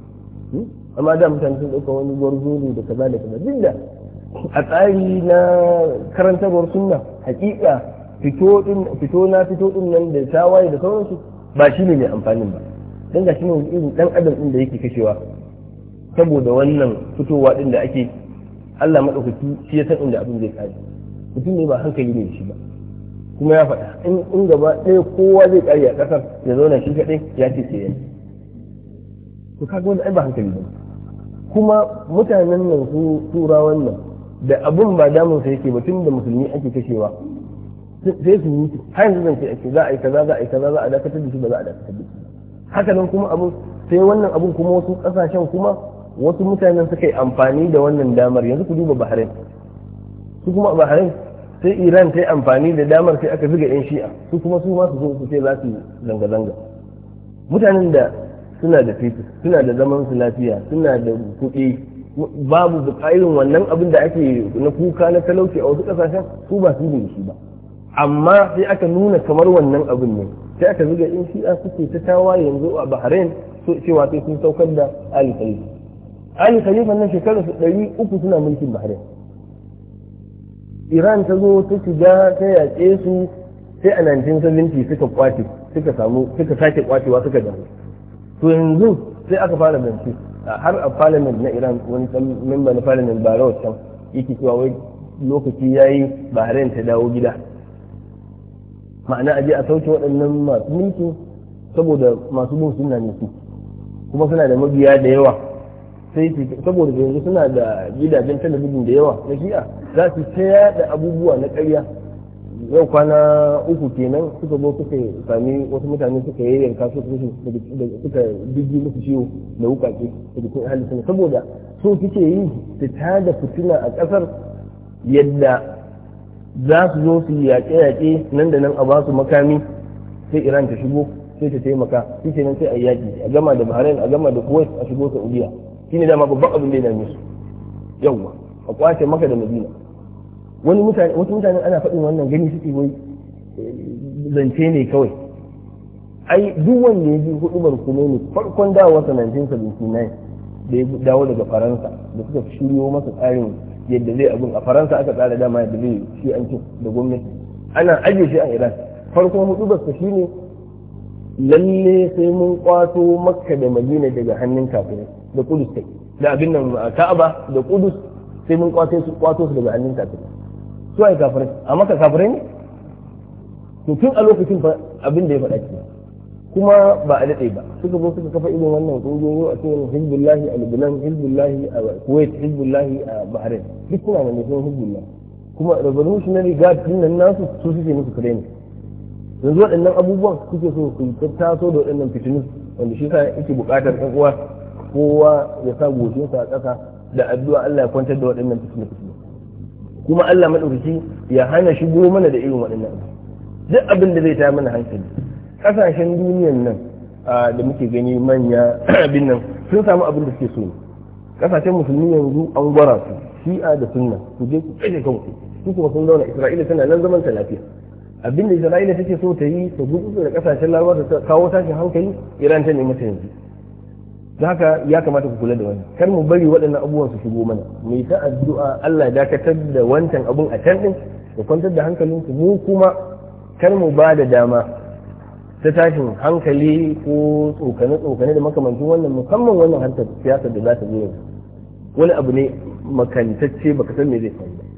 hmm? amma da mutane sun dauka wani gurguru da kaza da kaza duk a tsari na karantarwar sunna hakika fito din fito na fito din nan da tawaye da sauransu ba shine mai amfanin ba dan ga shi ne irin dan adam din da yake kashewa saboda wannan fitowa ɗin da ake Allah maɗaukaki shi ya san inda abin zai kare mutum ne ba hankali ne shi ba kuma ya faɗa in gaba ɗaya kowa zai kare a ƙasar ya zauna shi kaɗai ya ce sai ya to kaga wanda ai ba hankali ba kuma mutanen nan su tura wannan da abun ba damun sa yake ba tun da musulmi ake kashewa sai su mutu har yanzu zan ce ake za a yi kaza za a yi kaza za a dakatar da shi ba za a dakatar da shi haka nan kuma abun sai wannan abun kuma wasu kasashen kuma wasu mutanen suka yi amfani da wannan damar yanzu ku duba bahrain su kuma bahrain sai iran ta yi amfani da damar sai aka zuga yan shi'a su kuma su masu zo su ce za su zanga-zanga mutanen da suna da fitis suna da zaman su lafiya suna da kuɗi babu buƙarin wannan abin da ake na kuka na talauci a wasu ƙasashen su ba su da shi ba amma sai aka nuna kamar wannan abin ne sai aka zuga yan shi'a suke ta tawaye yanzu a bahrain cewa sai sun saukar da alifai ali khalifa nan shekarar su ɗari uku suna mulkin bahrain iran ta zo ta shiga ta yaƙe su sai a 1970 suka kwace suka samu suka sake kwacewa suka dawo to yanzu sai aka fara zance har a parliament na iran wani memba na parliament ba rawar can yake cewa wai lokaci ya yi bahrain ta dawo gida ma'ana aje a sauke waɗannan masu mulki saboda masu bin suna ne su kuma suna da mabiya da yawa sai su saboda yanzu suna da gidajen talabijin da yawa na shi'a za su ta yada abubuwa na karya yau kwana uku kenan suka zo suka sami wasu mutane suka yi yanka su suka bigi musu ciwo da wukake da jikin halittar saboda so suke yi su da fitina a kasar yadda za su zo su yaƙe-yaƙe nan da nan a basu makami sai iran ta shigo sai ta taimaka shi kenan sai a yaƙi a gama da bahrain a gama da kuwait a shigo saudiya shine dama babban abin da ya dame su yawwa a kwace maka da madina wani mutane wasu mutane ana faɗin wannan gani suke wai eh, zance ne kawai ai duk wanda ya ji kuma ne farkon dawo sa 1979 da ya dawo daga faransa da suka shiryo masa tsarin yadda zai abin a faransa aka tsara dama yadda zai shi an cin da gwamnati ana ajiye shi a iran farkon bar sa shine lalle sai mun kwato makka da madina daga hannun kafirai da kudus kai da abin nan ka'aba da kudus sai mun kwato su kwato su daga annin kafir su ai kafir amma ka kafir ne to tun a lokacin abin da ya faɗa ke kuma ba a daɗe ba suka zo suka kafa irin wannan ƙungiyoyi a cikin hizbullahi a lebanon hizbullahi a kuwait hizbullahi a bahrain duk suna ne sun hizbullah kuma revolutionary guard din nan nasu su suke musu training yanzu waɗannan abubuwan suke so su taso da waɗannan fitinu wanda shi sa yake buƙatar ɗan uwa kowa ya sa goshinsa a ƙasa da addu'a Allah ya kwantar da waɗannan fitina fitina kuma Allah maɗaukaki ya hana shigo mana da irin waɗannan duk abin da zai ta mana hankali ƙasashen duniyan nan da muke gani manya abin nan sun samu abin da suke so ne ƙasashen musulmi yanzu an gwara su shi'a da sunna su je ku kashe kanku su kuma sun zauna isra'ila tana nan zaman ta lafiya abin da isra'ila take so ta yi ta gudu da ƙasashen larabawa ta kawo tashin hankali iran ta ne mata yanzu haka ya kamata ku kula da wani kar mu bari waɗannan abubuwan su shigo mana mai ta addu'a Allah dakatar da wancan abun a can din da kwantar da hankalinku mu kuma kar mu ba da dama ta tashin hankali ko tsokane-tsokane da makamancin wannan musamman wannan harkar siyasa da za ta zo wani abu ne makantacce baka san me zai faru ba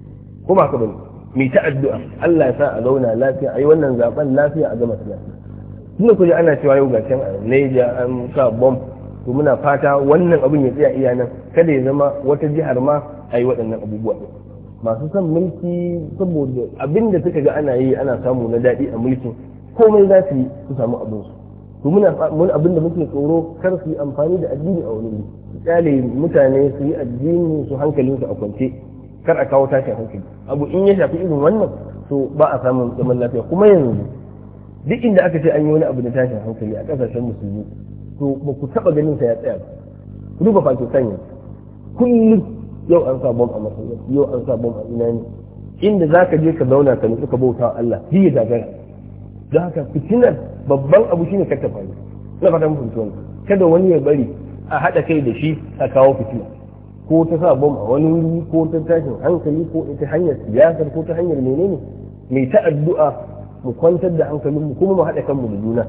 ko ba ka bane mai ta addu'a Allah ya sa a zauna lafiya ayi wannan zaben lafiya a gama lafiya tunda kuje ana cewa yau ga can a Niger an sa bomb to muna fata wannan abin ya tsaya iya kada ya zama wata jihar ma a yi waɗannan abubuwa masu son mulki saboda abin da suka ga ana yi ana samu na daɗi a mulkin komai za su yi su samu abin su to muna mun abin da muke tsoro kar su yi amfani da addini a wani misali mutane su yi addini su hankalin su a kwance kar a kawo tashin hankali abu in ya shafi irin wannan to ba a samun zaman lafiya kuma yanzu duk inda aka ce an yi wani abu da tashin hankali a kasashen musulmi to ba ku taba ganin sa ya tsaya ba ku duba ke sanya kullum yau an sa bom a masallaci yau an sa bom a ina ne inda za ka je ka zauna ka nutsu ka bauta wa Allah shi ya dagara don haka fitinar babban abu shine ka ta ne na fata muku wani kada wani ya bari a haɗa kai da shi a kawo fitina ko ta sa bom a wani wuri ko ta tashin hankali ko ita hanyar siyasar ko ta hanyar menene mai ta addu'a mu kwantar da hankalinmu kuma mu haɗa kanmu da juna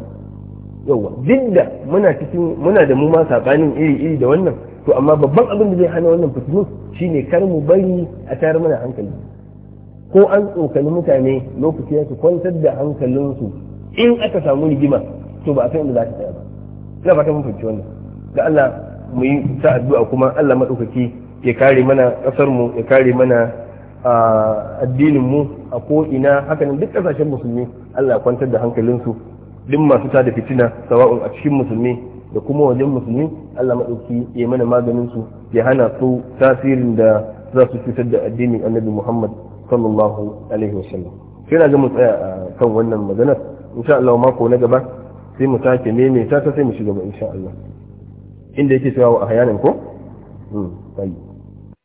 yawa duk da muna cikin muna da mu ma sabanin iri iri da wannan to amma babban abin da zai hana wannan fitinu shine kar mu bari a tayar mana hankali ko an tsokani mutane lokaci su kwantar da hankalinsu in aka samu rigima to ba a san inda za ta tsaya ba ina fata mun fahimci wannan da Allah mu yi ta addu'a kuma Allah madaukaki ya kare mana kasar mu ya kare mana addinin mu a ko ina hakanan duk kasashen musulmi Allah kwantar da hankalinsu duk masu ta da fitina sawa'un a cikin musulmi da kuma wajen musulmi Allah maɗauki ya mana maganin su ya hana su tasirin da za su cutar da addinin annabi Muhammad sallallahu alaihi wa sallam sai na ga mu tsaya a kan wannan maganar insha Allah mako na gaba sai mu take maimaita ta sai mu shiga ba insha Allah inda yake cewa a hayanin ko? Hmm,